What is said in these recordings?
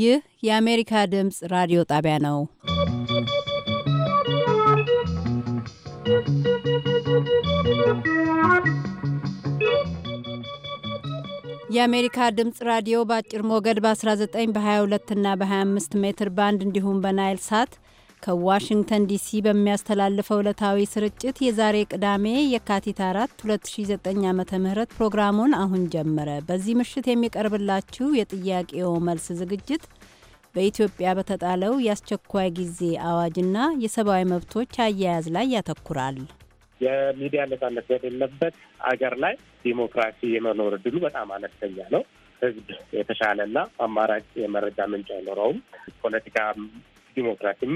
ይህ የአሜሪካ ድምፅ ራዲዮ ጣቢያ ነው። የአሜሪካ ድምፅ ራዲዮ በአጭር ሞገድ በ19 በ22 እና በ25 ሜትር ባንድ እንዲሁም በናይል ሳት ከዋሽንግተን ዲሲ በሚያስተላልፈው ዕለታዊ ስርጭት የዛሬ ቅዳሜ የካቲት 4 2009 ዓ ም ፕሮግራሙን አሁን ጀመረ። በዚህ ምሽት የሚቀርብላችሁ የጥያቄው መልስ ዝግጅት በኢትዮጵያ በተጣለው የአስቸኳይ ጊዜ አዋጅና የሰብአዊ መብቶች አያያዝ ላይ ያተኩራል። የሚዲያ ነጻነት በሌለበት አገር ላይ ዲሞክራሲ የመኖር እድሉ በጣም አነስተኛ ነው። ህዝብ የተሻለና አማራጭ የመረጃ ምንጭ አይኖረውም። ፖለቲካ ዲሞክራሲም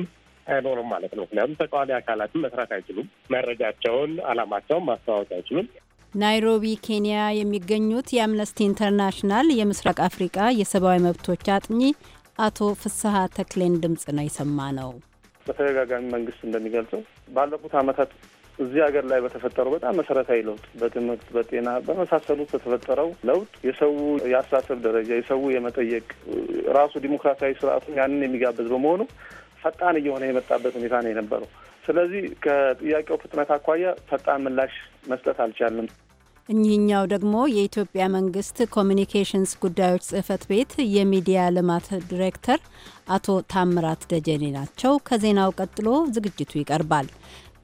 አይኖርም ማለት ነው። ምክንያቱም ተቃዋሚ አካላትን መስራት አይችሉም። መረጃቸውን፣ አላማቸውን ማስተዋወቅ አይችሉም። ናይሮቢ ኬንያ የሚገኙት የአምነስቲ ኢንተርናሽናል የምስራቅ አፍሪቃ የሰብአዊ መብቶች አጥኚ አቶ ፍስሀ ተክሌን ድምጽ ነው የሰማ ነው። በተደጋጋሚ መንግስት እንደሚገልጸው ባለፉት ዓመታት እዚህ ሀገር ላይ በተፈጠረው በጣም መሰረታዊ ለውጥ በትምህርት፣ በጤና፣ በመሳሰሉት በተፈጠረው ለውጥ የሰው የአስተሳሰብ ደረጃ የሰው የመጠየቅ ራሱ ዲሞክራሲያዊ ስርዓቱ ያንን የሚጋብዝ በመሆኑ ፈጣን እየሆነ የመጣበት ሁኔታ ነው የነበረው። ስለዚህ ከጥያቄው ፍጥነት አኳያ ፈጣን ምላሽ መስጠት አልቻለም። እኚህኛው ደግሞ የኢትዮጵያ መንግስት ኮሚኒኬሽንስ ጉዳዮች ጽህፈት ቤት የሚዲያ ልማት ዲሬክተር አቶ ታምራት ደጀኔ ናቸው። ከዜናው ቀጥሎ ዝግጅቱ ይቀርባል።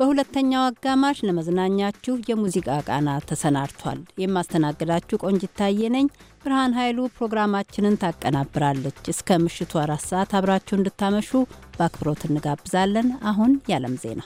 በሁለተኛው አጋማሽ ለመዝናኛችሁ የሙዚቃ ቃና ተሰናድቷል። የማስተናግዳችሁ ቆንጅታዬ ነኝ። ብርሃን ኃይሉ ፕሮግራማችንን ታቀናብራለች። እስከ ምሽቱ አራት ሰዓት አብራችሁ እንድታመሹ በአክብሮት እንጋብዛለን። አሁን የዓለም ዜና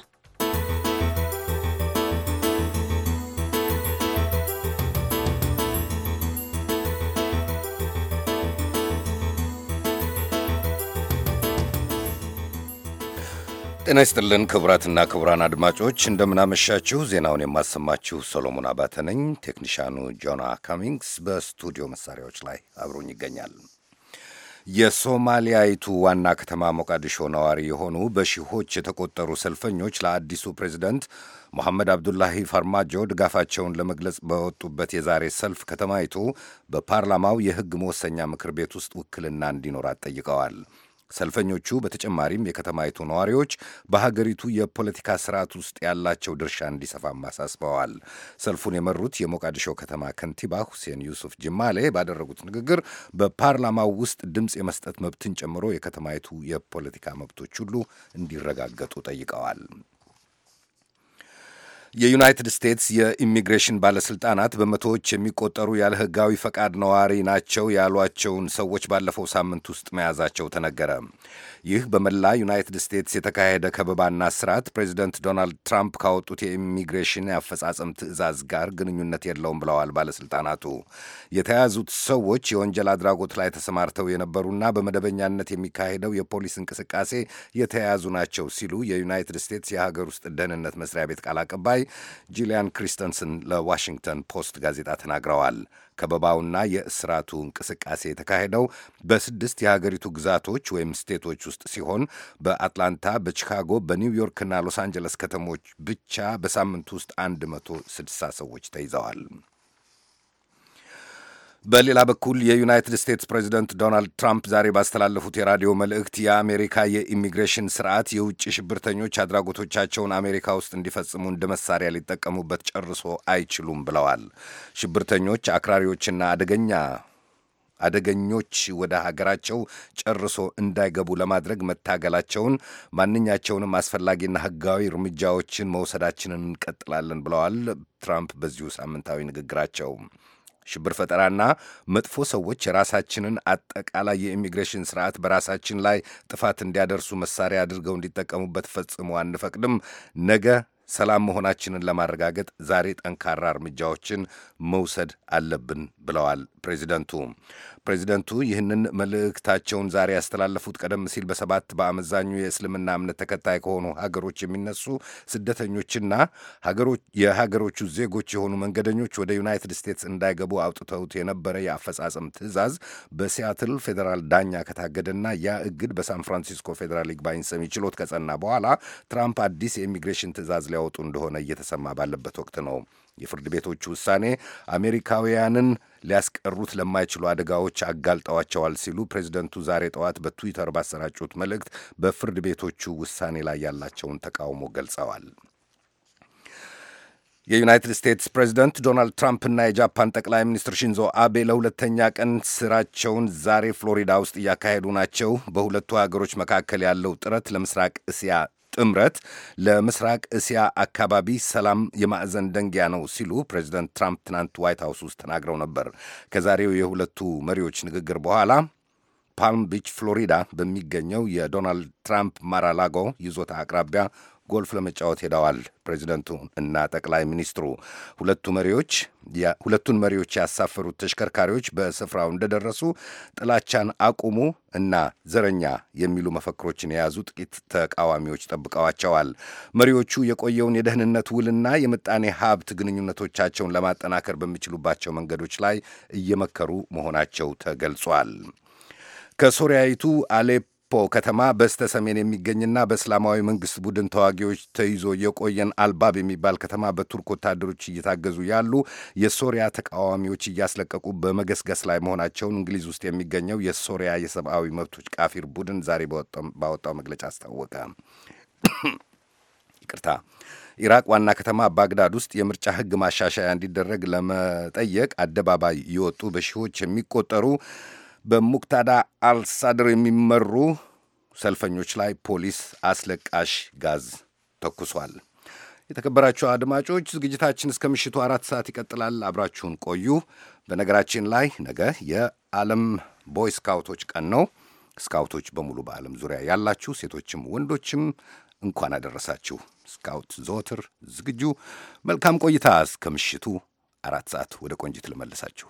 ጤና ይስጥልን ክቡራትና ክቡራን አድማጮች እንደምናመሻችሁ። ዜናውን የማሰማችሁ ሰሎሞን አባተ ነኝ። ቴክኒሻኑ ጆና ካሚንግስ በስቱዲዮ መሳሪያዎች ላይ አብሮኝ ይገኛል። የሶማሊያይቱ ዋና ከተማ ሞቃዲሾ ነዋሪ የሆኑ በሺዎች የተቆጠሩ ሰልፈኞች ለአዲሱ ፕሬዚደንት ሞሐመድ አብዱላሂ ፋርማጆ ድጋፋቸውን ለመግለጽ በወጡበት የዛሬ ሰልፍ ከተማይቱ በፓርላማው የሕግ መወሰኛ ምክር ቤት ውስጥ ውክልና እንዲኖራት ጠይቀዋል። ሰልፈኞቹ በተጨማሪም የከተማይቱ ነዋሪዎች በሀገሪቱ የፖለቲካ ስርዓት ውስጥ ያላቸው ድርሻ እንዲሰፋም አሳስበዋል። ሰልፉን የመሩት የሞቃዲሾ ከተማ ከንቲባ ሁሴን ዩሱፍ ጅማሌ ባደረጉት ንግግር በፓርላማው ውስጥ ድምፅ የመስጠት መብትን ጨምሮ የከተማይቱ የፖለቲካ መብቶች ሁሉ እንዲረጋገጡ ጠይቀዋል። የዩናይትድ ስቴትስ የኢሚግሬሽን ባለስልጣናት በመቶዎች የሚቆጠሩ ያለ ሕጋዊ ፈቃድ ነዋሪ ናቸው ያሏቸውን ሰዎች ባለፈው ሳምንት ውስጥ መያዛቸው ተነገረ። ይህ በመላ ዩናይትድ ስቴትስ የተካሄደ ከበባና ስርዓት ፕሬዚደንት ዶናልድ ትራምፕ ካወጡት የኢሚግሬሽን የአፈጻጸም ትዕዛዝ ጋር ግንኙነት የለውም ብለዋል ባለሥልጣናቱ። የተያዙት ሰዎች የወንጀል አድራጎት ላይ ተሰማርተው የነበሩና በመደበኛነት የሚካሄደው የፖሊስ እንቅስቃሴ የተያያዙ ናቸው ሲሉ የዩናይትድ ስቴትስ የሀገር ውስጥ ደህንነት መስሪያ ቤት ቃል አቀባይ ጂሊያን ክሪስተንስን ለዋሽንግተን ፖስት ጋዜጣ ተናግረዋል። ከበባውና የእስራቱ እንቅስቃሴ የተካሄደው በስድስት የሀገሪቱ ግዛቶች ወይም ስቴቶች ውስጥ ሲሆን በአትላንታ፣ በቺካጎ፣ በኒውዮርክና ሎስ አንጀለስ ከተሞች ብቻ በሳምንቱ ውስጥ 160 ሰዎች ተይዘዋል። በሌላ በኩል የዩናይትድ ስቴትስ ፕሬዚደንት ዶናልድ ትራምፕ ዛሬ ባስተላለፉት የራዲዮ መልእክት የአሜሪካ የኢሚግሬሽን ስርዓት የውጭ ሽብርተኞች አድራጎቶቻቸውን አሜሪካ ውስጥ እንዲፈጽሙ እንደ መሳሪያ ሊጠቀሙበት ጨርሶ አይችሉም ብለዋል። ሽብርተኞች፣ አክራሪዎችና አደገኛ አደገኞች ወደ ሀገራቸው ጨርሶ እንዳይገቡ ለማድረግ መታገላቸውን ማንኛቸውንም አስፈላጊና ሕጋዊ እርምጃዎችን መውሰዳችንን እንቀጥላለን ብለዋል ትራምፕ በዚሁ ሳምንታዊ ንግግራቸው። ሽብር ፈጠራና መጥፎ ሰዎች የራሳችንን አጠቃላይ የኢሚግሬሽን ስርዓት በራሳችን ላይ ጥፋት እንዲያደርሱ መሳሪያ አድርገው እንዲጠቀሙበት ፈጽሞ አንፈቅድም። ነገ ሰላም መሆናችንን ለማረጋገጥ ዛሬ ጠንካራ እርምጃዎችን መውሰድ አለብን ብለዋል ፕሬዚደንቱ ፕሬዚደንቱ ይህንን መልእክታቸውን ዛሬ ያስተላለፉት ቀደም ሲል በሰባት በአመዛኙ የእስልምና እምነት ተከታይ ከሆኑ ሀገሮች የሚነሱ ስደተኞችና የሀገሮቹ ዜጎች የሆኑ መንገደኞች ወደ ዩናይትድ ስቴትስ እንዳይገቡ አውጥተውት የነበረ የአፈጻጸም ትዕዛዝ በሲያትል ፌዴራል ዳኛ ከታገደና ያ እግድ በሳን ፍራንሲስኮ ፌዴራል ይግባኝ ሰሚ ችሎት ከጸና በኋላ ትራምፕ አዲስ የኢሚግሬሽን ትዕዛዝ ሊያወጡ እንደሆነ እየተሰማ ባለበት ወቅት ነው። የፍርድ ቤቶች ውሳኔ አሜሪካውያንን ሊያስቀሩት ለማይችሉ አደጋዎች አጋልጠዋቸዋል ሲሉ ፕሬዚደንቱ ዛሬ ጠዋት በትዊተር ባሰራጩት መልእክት በፍርድ ቤቶቹ ውሳኔ ላይ ያላቸውን ተቃውሞ ገልጸዋል። የዩናይትድ ስቴትስ ፕሬዚደንት ዶናልድ እና የጃፓን ጠቅላይ ሚኒስትር ሽንዞ አቤ ለሁለተኛ ቀን ስራቸውን ዛሬ ፍሎሪዳ ውስጥ እያካሄዱ ናቸው። በሁለቱ ሀገሮች መካከል ያለው ጥረት ለምስራቅ እስያ ጥምረት ለምስራቅ እስያ አካባቢ ሰላም የማዕዘን ደንጊያ ነው ሲሉ ፕሬዚደንት ትራምፕ ትናንት ዋይት ሀውስ ውስጥ ተናግረው ነበር። ከዛሬው የሁለቱ መሪዎች ንግግር በኋላ ፓልም ቢች፣ ፍሎሪዳ በሚገኘው የዶናልድ ትራምፕ ማራላጎ ይዞታ አቅራቢያ ጎልፍ ለመጫወት ሄደዋል። ፕሬዚደንቱ እና ጠቅላይ ሚኒስትሩ ሁለቱ መሪዎች ሁለቱን መሪዎች ያሳፈሩት ተሽከርካሪዎች በስፍራው እንደደረሱ ጥላቻን አቁሙ እና ዘረኛ የሚሉ መፈክሮችን የያዙ ጥቂት ተቃዋሚዎች ጠብቀዋቸዋል። መሪዎቹ የቆየውን የደህንነት ውልና የምጣኔ ሀብት ግንኙነቶቻቸውን ለማጠናከር በሚችሉባቸው መንገዶች ላይ እየመከሩ መሆናቸው ተገልጿል። ከሶሪያዊቱ አሌፖ አሌፖ ከተማ በስተ ሰሜን የሚገኝና በእስላማዊ መንግስት ቡድን ተዋጊዎች ተይዞ የቆየን አልባብ የሚባል ከተማ በቱርክ ወታደሮች እየታገዙ ያሉ የሶሪያ ተቃዋሚዎች እያስለቀቁ በመገስገስ ላይ መሆናቸውን እንግሊዝ ውስጥ የሚገኘው የሶሪያ የሰብአዊ መብቶች ቃፊር ቡድን ዛሬ ባወጣው መግለጫ አስታወቀ። ይቅርታ። ኢራቅ ዋና ከተማ ባግዳድ ውስጥ የምርጫ ህግ ማሻሻያ እንዲደረግ ለመጠየቅ አደባባይ የወጡ በሺዎች የሚቆጠሩ በሙቅታዳ አልሳድር የሚመሩ ሰልፈኞች ላይ ፖሊስ አስለቃሽ ጋዝ ተኩሷል። የተከበራችሁ አድማጮች ዝግጅታችን እስከ ምሽቱ አራት ሰዓት ይቀጥላል። አብራችሁን ቆዩ። በነገራችን ላይ ነገ የዓለም ቦይ ስካውቶች ቀን ነው። ስካውቶች በሙሉ በዓለም ዙሪያ ያላችሁ ሴቶችም ወንዶችም እንኳን አደረሳችሁ። ስካውት ዘወትር ዝግጁ። መልካም ቆይታ። እስከ ምሽቱ አራት ሰዓት ወደ ቆንጂት ልመልሳችሁ።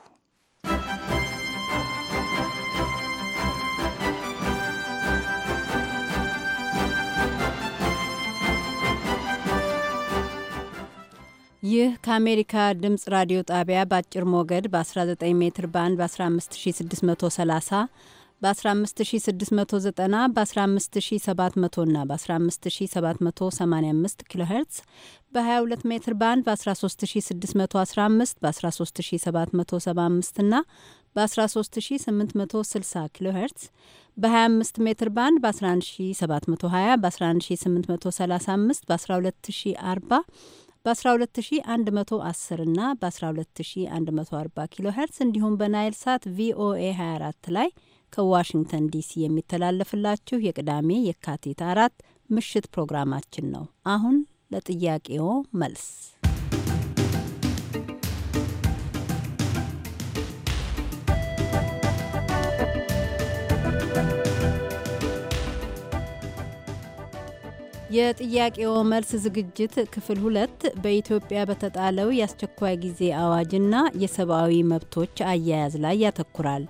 ይህ ከአሜሪካ ድምፅ ራዲዮ ጣቢያ በአጭር ሞገድ በ19 ሜትር ባንድ በ15630 በ15690 በ15700 እና በ15785 ኪሎ ሄርትስ በ22 ሜትር ባንድ በ13615 በ13775 እና በ13860 ኪሎ ሄርትስ በ25 ሜትር ባንድ በ11720 በ11835 በ12040 በ12110 እና በ12140 ኪሎ ሄርትስ እንዲሁም በናይል ሳት ቪኦኤ 24 ላይ ከዋሽንግተን ዲሲ የሚተላለፍላችሁ የቅዳሜ የካቲት አራት ምሽት ፕሮግራማችን ነው። አሁን ለጥያቄዎ መልስ የጥያቄው መልስ ዝግጅት ክፍል ሁለት በኢትዮጵያ በተጣለው የአስቸኳይ ጊዜ አዋጅና የሰብአዊ መብቶች አያያዝ ላይ ያተኩራል።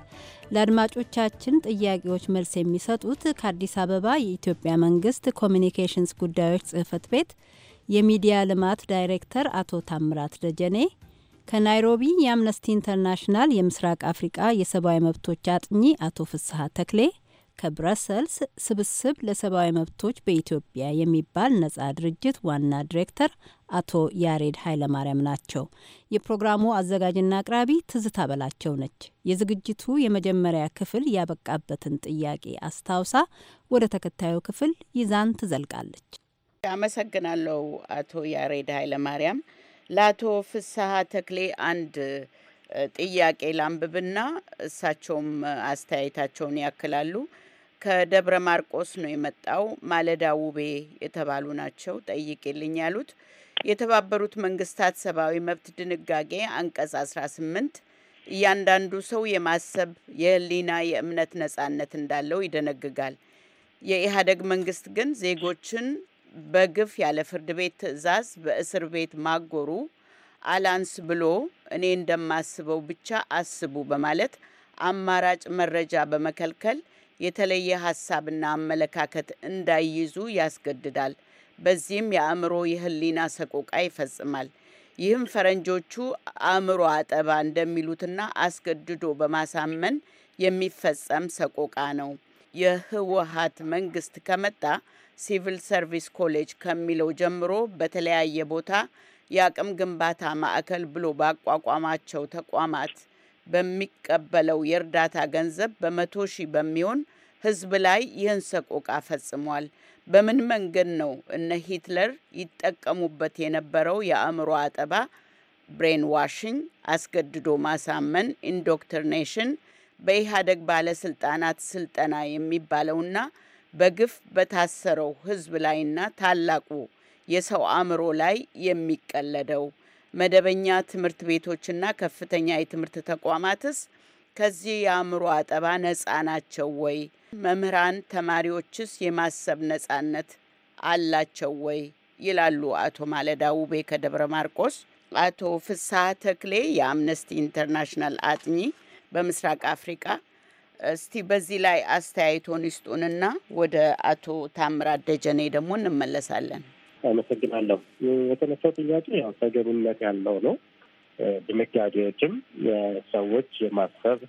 ለአድማጮቻችን ጥያቄዎች መልስ የሚሰጡት ከአዲስ አበባ የኢትዮጵያ መንግስት ኮሚኒኬሽንስ ጉዳዮች ጽህፈት ቤት የሚዲያ ልማት ዳይሬክተር አቶ ታምራት ደጀኔ፣ ከናይሮቢ የአምነስቲ ኢንተርናሽናል የምስራቅ አፍሪቃ የሰብአዊ መብቶች አጥኚ አቶ ፍስሐ ተክሌ ከብረሰልስ ስብስብ ለሰብአዊ መብቶች በኢትዮጵያ የሚባል ነጻ ድርጅት ዋና ዲሬክተር አቶ ያሬድ ኃይለማርያም ናቸው። የፕሮግራሙ አዘጋጅና አቅራቢ ትዝታ በላቸው ነች። የዝግጅቱ የመጀመሪያ ክፍል ያበቃበትን ጥያቄ አስታውሳ ወደ ተከታዩ ክፍል ይዛን ትዘልቃለች። አመሰግናለሁ አቶ ያሬድ ኃይለማርያም። ለአቶ ፍስሐ ተክሌ አንድ ጥያቄ ላንብብና እሳቸውም አስተያየታቸውን ያክላሉ። ከደብረ ማርቆስ ነው የመጣው ማለዳ ውቤ የተባሉ ናቸው። ጠይቅልኝ ያሉት የተባበሩት መንግስታት ሰብአዊ መብት ድንጋጌ አንቀጽ 18 እያንዳንዱ ሰው የማሰብ የህሊና፣ የእምነት ነጻነት እንዳለው ይደነግጋል። የኢህአደግ መንግስት ግን ዜጎችን በግፍ ያለ ፍርድ ቤት ትዕዛዝ በእስር ቤት ማጎሩ አላንስ ብሎ እኔ እንደማስበው ብቻ አስቡ በማለት አማራጭ መረጃ በመከልከል የተለየ ሀሳብና አመለካከት እንዳይይዙ ያስገድዳል። በዚህም የአእምሮ የህሊና ሰቆቃ ይፈጽማል። ይህም ፈረንጆቹ አእምሮ አጠባ እንደሚሉትና አስገድዶ በማሳመን የሚፈጸም ሰቆቃ ነው። የህወሀት መንግስት ከመጣ ሲቪል ሰርቪስ ኮሌጅ ከሚለው ጀምሮ በተለያየ ቦታ የአቅም ግንባታ ማዕከል ብሎ ባቋቋማቸው ተቋማት በሚቀበለው የእርዳታ ገንዘብ በመቶ ሺህ በሚሆን ሕዝብ ላይ ይህን ሰቆቃ ፈጽሟል። በምን መንገድ ነው እነ ሂትለር ይጠቀሙበት የነበረው የአእምሮ አጠባ፣ ብሬን ዋሽንግ፣ አስገድዶ ማሳመን፣ ኢንዶክትሪኔሽን በኢህአደግ ባለስልጣናት ስልጠና የሚባለውና በግፍ በታሰረው ሕዝብ ላይና ታላቁ የሰው አእምሮ ላይ የሚቀለደው? መደበኛ ትምህርት ቤቶችና ከፍተኛ የትምህርት ተቋማትስ ከዚህ የአእምሮ አጠባ ነፃ ናቸው ወይ? መምህራን ተማሪዎችስ የማሰብ ነፃነት አላቸው ወይ? ይላሉ አቶ ማለዳ ውቤ ከደብረ ማርቆስ። አቶ ፍስሐ ተክሌ የአምነስቲ ኢንተርናሽናል አጥኚ በምስራቅ አፍሪቃ። እስቲ በዚህ ላይ አስተያየቶን ይስጡንና ወደ አቶ ታምራት ደጀኔ ደግሞ እንመለሳለን። አመሰግናለሁ። የተነሳው ጥያቄ ያው ተገቢነት ያለው ነው። ድንጋጌዎችም የሰዎች የማሰብ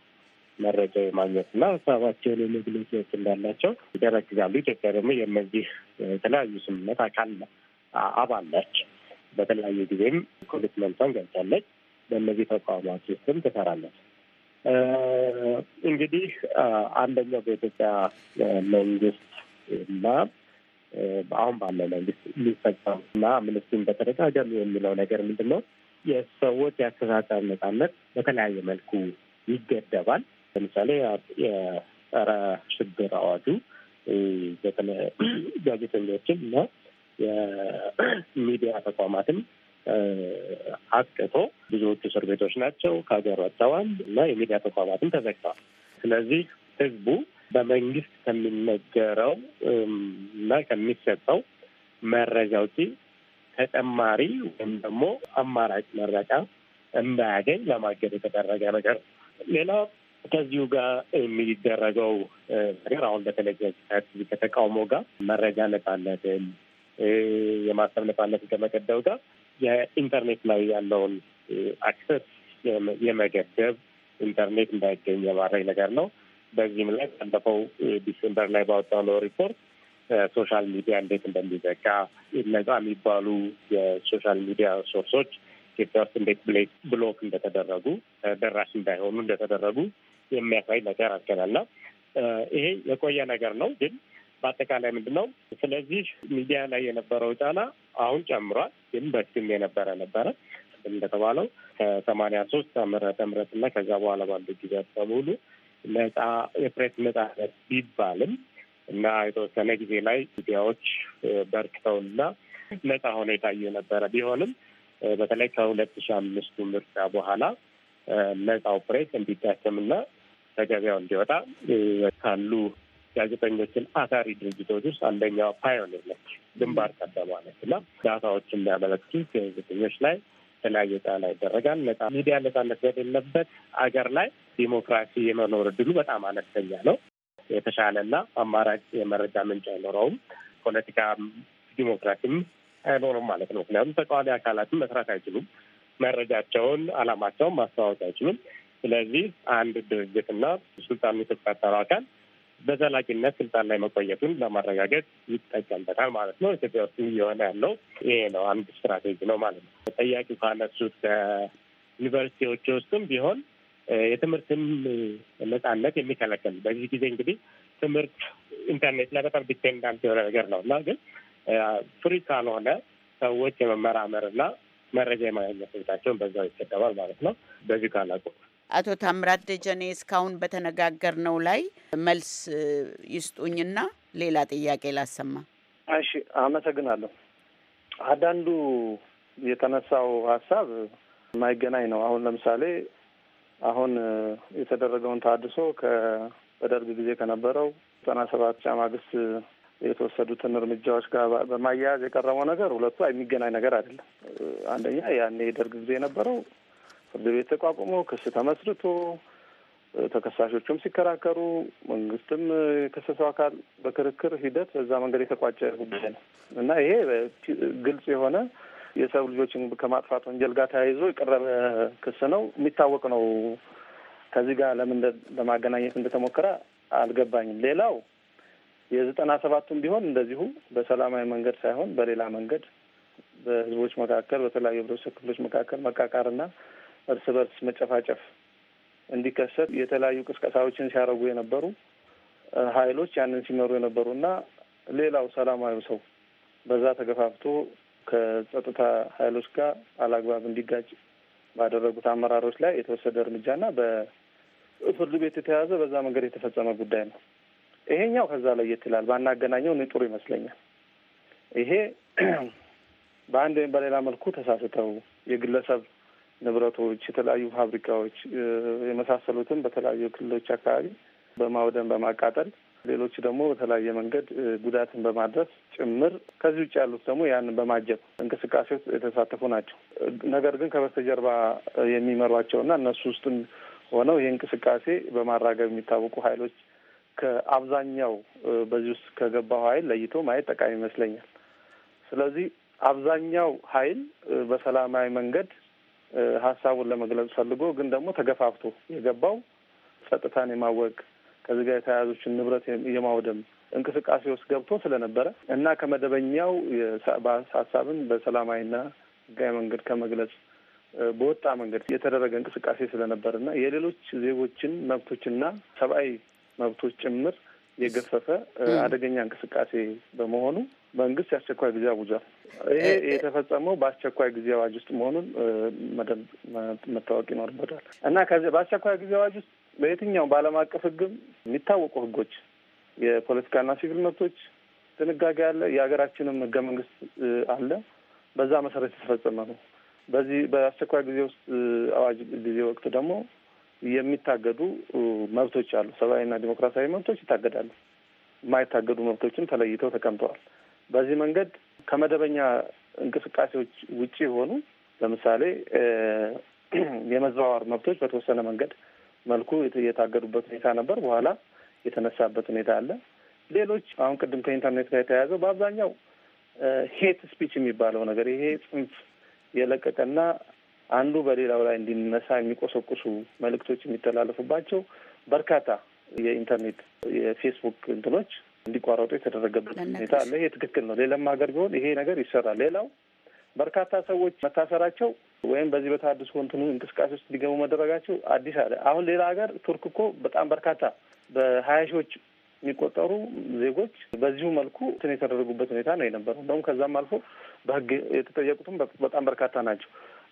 መረጃ የማግኘት እና ሀሳባቸውን የመግለጽ እንዳላቸው ይደረግጋሉ። ኢትዮጵያ ደግሞ የእነዚህ የተለያዩ ስምምነት አካል አባል ነች። በተለያዩ ጊዜም ኮሚትመንቷን ገልጻለች። በእነዚህ ተቋማት ውስጥም ትሰራለች። እንግዲህ አንደኛው በኢትዮጵያ መንግስት እና አሁን ባለው መንግስት ሊፈጸም እና አምነስቲም በተደጋጋሚ የሚለው ነገር ምንድን ነው? የሰዎች የአስተሳሰብ ነጻነት በተለያየ መልኩ ይገደባል። ለምሳሌ የጸረ ሽብር አዋጁ ጋዜጠኞችን እና የሚዲያ ተቋማትም አቅቶ ብዙዎቹ እስር ቤቶች ናቸው፣ ከሀገር ወጥተዋል እና የሚዲያ ተቋማትም ተዘግተዋል። ስለዚህ ህዝቡ በመንግስት ከሚነገረው እና ከሚሰጠው መረጃ ውጪ ተጨማሪ ወይም ደግሞ አማራጭ መረጃ እንዳያገኝ ለማገድ የተደረገ ነገር። ሌላ ከዚሁ ጋር የሚደረገው ነገር አሁን በተለይ ከተቃውሞ ጋር መረጃ ነፃነትን የማሰብ ነፃነትን ከመገደብ ጋር የኢንተርኔት ላይ ያለውን አክሰስ የመገደብ ኢንተርኔት እንዳይገኝ የማድረግ ነገር ነው። በዚህም ላይ ባለፈው ዲሴምበር ላይ ባወጣነው ሪፖርት ሶሻል ሚዲያ እንዴት እንደሚዘጋ ነጻ የሚባሉ የሶሻል ሚዲያ ሶርሶች ኢትዮጵያ ውስጥ እንዴት ብሌክ ብሎክ እንደተደረጉ ደራሽ እንዳይሆኑ እንደተደረጉ የሚያሳይ ነገር አገናና ይሄ የቆየ ነገር ነው። ግን በአጠቃላይ ምንድን ነው ስለዚህ ሚዲያ ላይ የነበረው ጫና አሁን ጨምሯል። ግን በፊትም የነበረ ነበረ እንደተባለው ከሰማኒያ ሶስት ምረተ ምረት እና ከዛ በኋላ ባሉ ጊዜ በሙሉ ነጻ የፕሬስ ነጻነት ቢባልም እና የተወሰነ ጊዜ ላይ ሚዲያዎች በርክተውና ነጻ ሆነ የታየ ነበረ። ቢሆንም በተለይ ከሁለት ሺ አምስቱ ምርጫ በኋላ ነጻው ፕሬስ እንዲዳከምና ከገበያው እንዲወጣ ካሉ ጋዜጠኞችን አሳሪ ድርጅቶች ውስጥ አንደኛው ፓዮኒር ነች፣ ግንባር ቀደማ ነች እና ዳታዎች የሚያመለክቱ ጋዜጠኞች ላይ የተለያየ ጫና ይደረጋል። ነጻ ሚዲያ ነጻነት በሌለበት አገር ላይ ዲሞክራሲ የመኖር እድሉ በጣም አነስተኛ ነው። የተሻለና አማራጭ የመረጃ ምንጭ አይኖረውም። ፖለቲካ ዲሞክራሲም አይኖርም ማለት ነው። ምክንያቱም ተቃዋሚ አካላትም መስራት አይችሉም። መረጃቸውን፣ አላማቸውን ማስተዋወቅ አይችሉም። ስለዚህ አንድ ድርጅትና ስልጣኑ የተቆጣጠረው አካል በዘላቂነት ስልጣን ላይ መቆየቱን ለማረጋገጥ ይጠቀምበታል ማለት ነው። ኢትዮጵያ ውስጥ እየሆነ ያለው ይሄ ነው። አንድ ስትራቴጂ ነው ማለት ነው። ተጠያቂ ካነሱት ከዩኒቨርሲቲዎች ውስጥም ቢሆን የትምህርትም ነጻነት የሚከለከል በዚህ ጊዜ እንግዲህ ትምህርት ኢንተርኔት ላይ በጣም ዲፔንዳንት የሆነ ነገር ነው እና ግን ፍሪ ካልሆነ ሰዎች የመመራመርና መረጃ የማግኘት ስልታቸውን በዛው ይገደባል ማለት ነው። በዚህ ካላቆ አቶ ታምራት ደጀኔ እስካሁን በተነጋገርነው ላይ መልስ ይስጡኝና ሌላ ጥያቄ ላሰማ። እሺ፣ አመሰግናለሁ። አንዳንዱ የተነሳው ሀሳብ የማይገናኝ ነው። አሁን ለምሳሌ አሁን የተደረገውን ታድሶ በደርግ ጊዜ ከነበረው ዘጠና ሰባት ማግስት የተወሰዱትን እርምጃዎች ጋር በማያያዝ የቀረበው ነገር ሁለቱ የሚገናኝ ነገር አይደለም። አንደኛ ያኔ ደርግ ጊዜ የነበረው ፍርድ ቤት ተቋቁሞ ክስ ተመስርቶ ተከሳሾቹም ሲከራከሩ መንግስትም የከሰሰው አካል በክርክር ሂደት በዛ መንገድ የተቋጨ ጉዳይ ነው እና ይሄ ግልጽ የሆነ የሰው ልጆችን ከማጥፋት ወንጀል ጋር ተያይዞ የቀረበ ክስ ነው፣ የሚታወቅ ነው። ከዚህ ጋር ለምን ለማገናኘት እንደተሞከረ አልገባኝም። ሌላው የዘጠና ሰባቱም ቢሆን እንደዚሁ በሰላማዊ መንገድ ሳይሆን በሌላ መንገድ በህዝቦች መካከል በተለያዩ ህብረተሰብ ክፍሎች መካከል መቃቃርና እርስ በርስ መጨፋጨፍ እንዲከሰት የተለያዩ ቅስቀሳዎችን ሲያደርጉ የነበሩ ኃይሎች ያንን ሲመሩ የነበሩ እና ሌላው ሰላማዊ ሰው በዛ ተገፋፍቶ ከጸጥታ ኃይሎች ጋር አላግባብ እንዲጋጭ ባደረጉት አመራሮች ላይ የተወሰደ እርምጃና በፍርድ ቤት የተያዘ በዛ መንገድ የተፈጸመ ጉዳይ ነው። ይሄኛው ከዛ ለየት ይላል። ባናገናኘው እኔ ጥሩ ይመስለኛል። ይሄ በአንድ ወይም በሌላ መልኩ ተሳስተው የግለሰብ ንብረቶች፣ የተለያዩ ፋብሪካዎች የመሳሰሉትን በተለያዩ ክልሎች አካባቢ በማውደም በማቃጠል ሌሎች ደግሞ በተለያየ መንገድ ጉዳትን በማድረስ ጭምር ከዚህ ውጭ ያሉት ደግሞ ያንን በማጀብ እንቅስቃሴ ውስጥ የተሳተፉ ናቸው። ነገር ግን ከበስተጀርባ የሚመሯቸውና እነሱ ውስጥም ሆነው ይህ እንቅስቃሴ በማራገብ የሚታወቁ ኃይሎች ከአብዛኛው በዚህ ውስጥ ከገባው ኃይል ለይቶ ማየት ጠቃሚ ይመስለኛል። ስለዚህ አብዛኛው ኃይል በሰላማዊ መንገድ ሀሳቡን ለመግለጽ ፈልጎ ግን ደግሞ ተገፋፍቶ የገባው ጸጥታን የማወቅ ከዚህ ጋር የተያያዙችን ንብረት የማውደም እንቅስቃሴ ውስጥ ገብቶ ስለነበረ እና ከመደበኛው ሀሳብን በሰላማዊና ህጋዊ መንገድ ከመግለጽ በወጣ መንገድ የተደረገ እንቅስቃሴ ስለነበር እና የሌሎች ዜጎችን መብቶችና ሰብአዊ መብቶች ጭምር የገፈፈ አደገኛ እንቅስቃሴ በመሆኑ መንግስት የአስቸኳይ ጊዜ አውጇል። ይሄ የተፈጸመው በአስቸኳይ ጊዜ አዋጅ ውስጥ መሆኑን መደንብ መታወቅ ይኖርበታል እና ከዚህ በአስቸኳይ ጊዜ አዋጅ ውስጥ በየትኛው በዓለም አቀፍ ህግም የሚታወቁ ህጎች የፖለቲካና ሲቪል መብቶች ድንጋጌ አለ። የሀገራችንም ህገ መንግስት አለ። በዛ መሰረት የተፈጸመ ነው። በዚህ በአስቸኳይ ጊዜ ውስጥ አዋጅ ጊዜ ወቅት ደግሞ የሚታገዱ መብቶች አሉ። ሰብአዊና ዲሞክራሲያዊ መብቶች ይታገዳሉ። የማይታገዱ መብቶችም ተለይተው ተቀምጠዋል። በዚህ መንገድ ከመደበኛ እንቅስቃሴዎች ውጪ የሆኑ ለምሳሌ የመዘዋወር መብቶች በተወሰነ መንገድ መልኩ የታገዱበት ሁኔታ ነበር። በኋላ የተነሳበት ሁኔታ አለ። ሌሎች አሁን ቅድም ከኢንተርኔት ጋር የተያያዘው በአብዛኛው ሄት ስፒች የሚባለው ነገር ይሄ ጽንፍ የለቀቀና አንዱ በሌላው ላይ እንዲነሳ የሚቆሰቁሱ መልእክቶች የሚተላለፉባቸው በርካታ የኢንተርኔት የፌስቡክ እንትኖች እንዲቋረጡ የተደረገበት ሁኔታ አለ። ይሄ ትክክል ነው። ሌላም ሀገር ቢሆን ይሄ ነገር ይሰራል። ሌላው በርካታ ሰዎች መታሰራቸው ወይም በዚህ በተሀድሶ እንትኑ እንቅስቃሴ ውስጥ እንዲገቡ መደረጋቸው አዲስ አለ። አሁን ሌላ ሀገር ቱርክ እኮ በጣም በርካታ በሀያ ሺዎች የሚቆጠሩ ዜጎች በዚሁ መልኩ እንትን የተደረጉበት ሁኔታ ነው የነበረው። እንደውም ከዛም አልፎ በህግ የተጠየቁትም በጣም በርካታ ናቸው።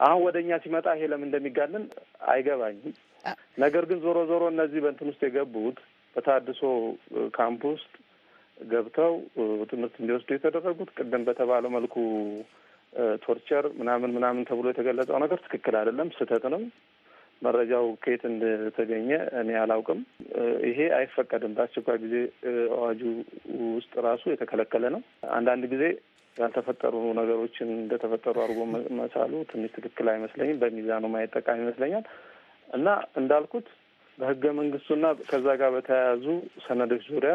አሁን ወደ እኛ ሲመጣ ይሄ ለምን እንደሚጋንን አይገባኝም። ነገር ግን ዞሮ ዞሮ እነዚህ በእንትን ውስጥ የገቡት በተሀድሶ ካምፕ ውስጥ ገብተው ትምህርት እንዲወስዱ የተደረጉት ቅድም በተባለው መልኩ ቶርቸር ምናምን ምናምን ተብሎ የተገለጸው ነገር ትክክል አይደለም፣ ስህተት ነው። መረጃው ከየት እንደተገኘ እኔ አላውቅም። ይሄ አይፈቀድም። በአስቸኳይ ጊዜ አዋጁ ውስጥ ራሱ የተከለከለ ነው። አንዳንድ ጊዜ ያልተፈጠሩ ነገሮችን እንደተፈጠሩ አድርጎ መሳሉ ትንሽ ትክክል አይመስለኝም። በሚዛኑ ማየት ጠቃሚ ይመስለኛል እና እንዳልኩት በህገ መንግስቱና ከዛ ጋር በተያያዙ ሰነዶች ዙሪያ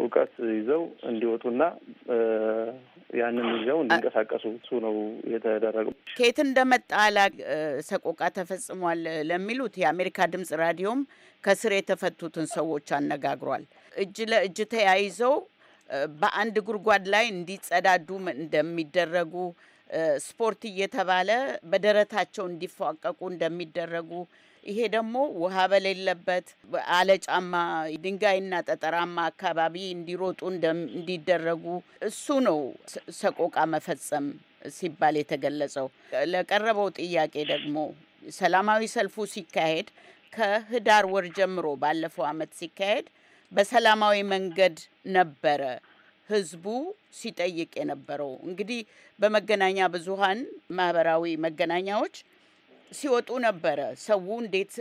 እውቀት ይዘው እንዲወጡና ያንን ይዘው እንዲንቀሳቀሱ እሱ ነው የተደረገው። ከየት እንደመጣ ላግ ሰቆቃ ተፈጽሟል ለሚሉት የአሜሪካ ድምጽ ራዲዮም ከስር የተፈቱትን ሰዎች አነጋግሯል። እጅ ለእጅ ተያይዘው በአንድ ጉድጓድ ላይ እንዲጸዳዱ እንደሚደረጉ ስፖርት እየተባለ በደረታቸው እንዲፏቀቁ እንደሚደረጉ ይሄ ደግሞ ውሃ በሌለበት አለጫማ ድንጋይና ጠጠራማ አካባቢ እንዲሮጡ እንዲደረጉ እሱ ነው ሰቆቃ መፈጸም ሲባል የተገለጸው። ለቀረበው ጥያቄ ደግሞ ሰላማዊ ሰልፉ ሲካሄድ ከህዳር ወር ጀምሮ ባለፈው ዓመት ሲካሄድ በሰላማዊ መንገድ ነበረ ህዝቡ ሲጠይቅ የነበረው። እንግዲህ በመገናኛ ብዙሃን ማህበራዊ መገናኛዎች ሲወጡ ነበረ። ሰው እንዴት